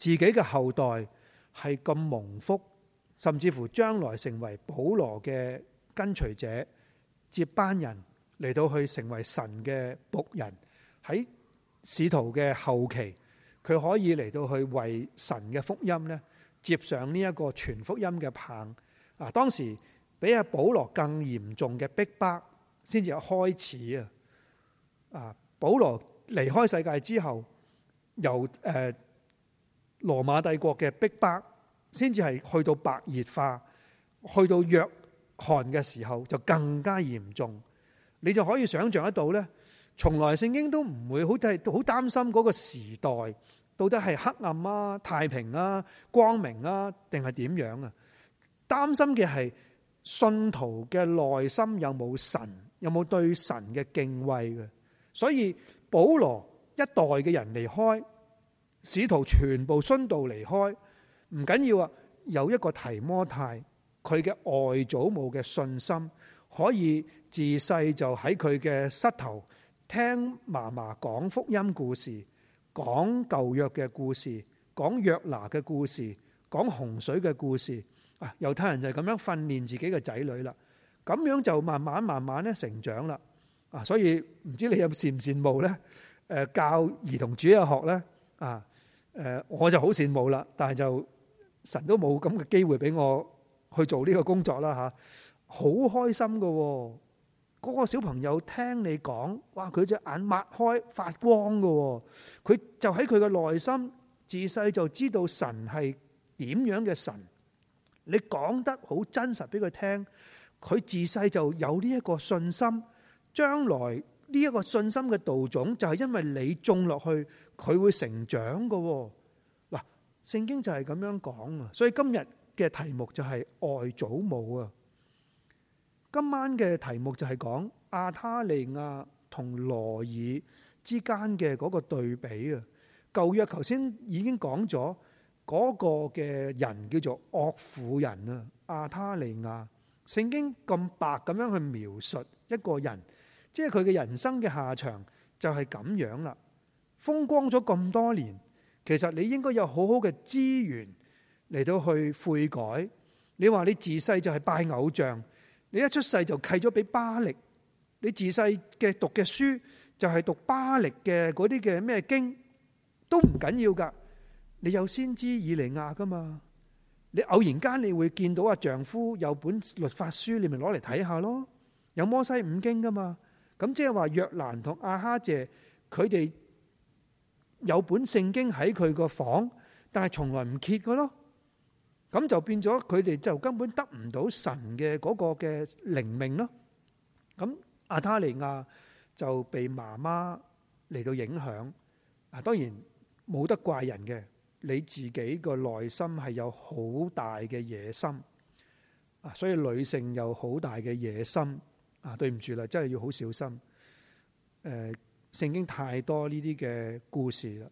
自己嘅後代係咁蒙福，甚至乎將來成為保羅嘅跟隨者、接班人嚟到去成為神嘅僕人。喺使徒嘅後期，佢可以嚟到去為神嘅福音咧接上呢一個全福音嘅棒。啊，當時比阿保羅更嚴重嘅逼迫先至開始啊，保羅離開世界之後，由誒。呃羅馬帝國嘅逼迫，先至係去到白熱化，去到約翰嘅時候就更加嚴重。你就可以想象得到呢，從來聖經都唔會好係好擔心嗰個時代到底係黑暗啊、太平啊、光明啊，定係點樣啊？擔心嘅係信徒嘅內心有冇神，有冇對神嘅敬畏嘅。所以保羅一代嘅人離開。使徒全部殉道離開，唔緊要啊！有一個提摩太，佢嘅外祖母嘅信心，可以自細就喺佢嘅膝頭聽嫲嫲講福音故事，講舊約嘅故事，講約拿嘅故事，講洪水嘅故事。啊，猶太人就咁樣訓練自己嘅仔女啦，咁樣就慢慢慢慢咧成長啦。啊，所以唔知你有羨唔羨慕呢？誒，教兒童主日學呢？啊！誒，我就好羨慕啦，但係就神都冇咁嘅機會俾我去做呢個工作啦吓，好開心噶，嗰個小朋友聽你講，哇，佢隻眼擘開發光噶，佢就喺佢嘅內心自細就知道神係點樣嘅神，你講得好真實俾佢聽，佢自細就有呢一個信心，將來呢一個信心嘅道種就係因為你種落去。佢會成長噶，嗱，聖經就係咁樣講啊。所以今日嘅題目就係、是、外祖母啊。今晚嘅題目就係講亞他利雅同羅爾之間嘅嗰個對比啊。舊約頭先已經講咗嗰個嘅人叫做惡婦人啊。亞他利雅，聖經咁白咁樣去描述一個人，即係佢嘅人生嘅下場就係咁樣啦。風光咗咁多年，其實你應該有好好嘅資源嚟到去悔改。你話你自細就係拜偶像，你一出世就契咗俾巴力，你自細嘅讀嘅書就係讀巴力嘅嗰啲嘅咩經都唔緊要噶。你有先知以利亞噶嘛？你偶然間你會見到阿丈夫有本律法書，你咪攞嚟睇下咯。有摩西五經噶嘛？咁即係話約蘭同阿哈謝佢哋。他們有本聖經喺佢個房，但係從來唔揭佢咯，咁就變咗佢哋就根本得唔到神嘅嗰個嘅靈命咯。咁亞他利雅就被媽媽嚟到影響。啊，當然冇得怪人嘅，你自己個內心係有好大嘅野心啊，所以女性有好大嘅野心啊，對唔住啦，真係要好小心。誒。聖經太多呢啲嘅故事啦，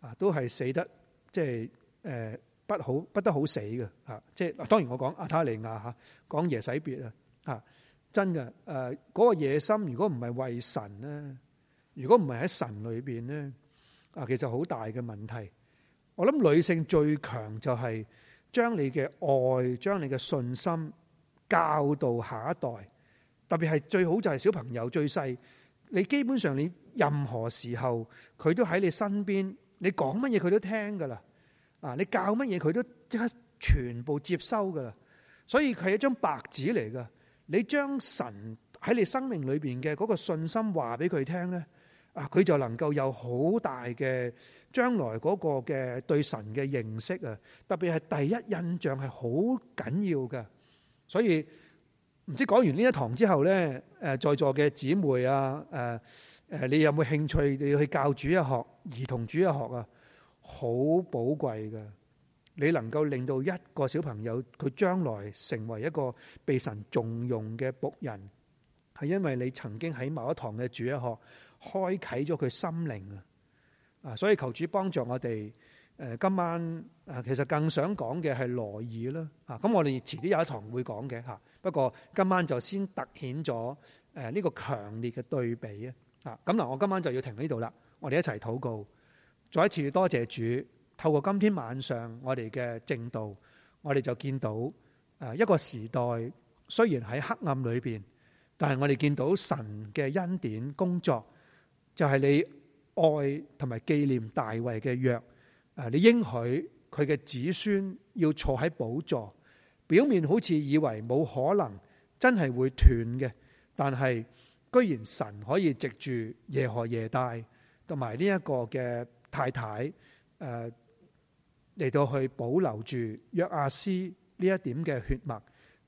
啊，都係死得即係誒，不好不得好死嘅，吓，即係啊當然我講亞他利雅吓，啊，講耶洗別啊，吓真嘅誒，嗰，啊，嗰個野心如果唔係為神咧，如果唔係喺神裏邊咧，啊，其實好大嘅問題。我諗女性最強就係將你嘅愛、將你嘅信心教導下一代，特別係最好就係小朋友最細。你基本上你任何時候，佢都喺你身邊，你講乜嘢佢都聽㗎喇，你教乜嘢佢都即刻全部接收㗎喇，所以佢係一張白紙嚟㗎，你將神喺你生命裡邊嘅嗰個信心話畀佢聽呢,佢就能夠有好大嘅將來嗰個嘅對神嘅認識,特別係第一印象係好緊要㗎。唔知講完呢一堂之後咧，誒，在座嘅姊妹啊，誒，誒，你有冇興趣你要去教主日學，兒童主日學啊？好寶貴嘅，你能夠令到一個小朋友佢將來成為一個被神重用嘅僕人，係因為你曾經喺某一堂嘅主日學，開啟咗佢心靈啊！啊，所以求主幫助我哋。誒，今晚啊，其實更想講嘅係羅以啦。啊，咁我哋遲啲有一堂會講嘅吓。不過今晚就先突顯咗誒呢個強烈嘅對比啊！咁嗱，我今晚就要停呢度啦。我哋一齊禱告，再一次多謝主。透過今天晚上我哋嘅正道，我哋就見到誒一個時代雖然喺黑暗裏邊，但係我哋見到神嘅恩典工作，就係你愛同埋紀念大衛嘅約誒，你應許佢嘅子孫要坐喺寶座。表面好似以為冇可能，真係會斷嘅，但係居然神可以藉住耶何耶大同埋呢一個嘅太太誒嚟、呃、到去保留住約阿斯呢一點嘅血脈，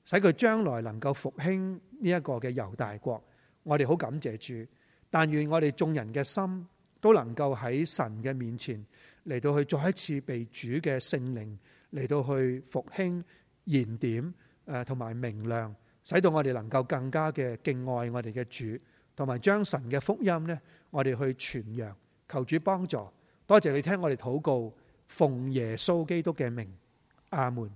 使佢將來能夠復興呢一個嘅猶大國。我哋好感謝主，但願我哋眾人嘅心都能夠喺神嘅面前嚟到去再一次被主嘅聖靈嚟到去復興。燃點，誒同埋明亮，使到我哋能夠更加嘅敬愛我哋嘅主，同埋將神嘅福音呢，我哋去傳揚。求主幫助，多謝你聽我哋禱告，奉耶穌基督嘅名，阿門。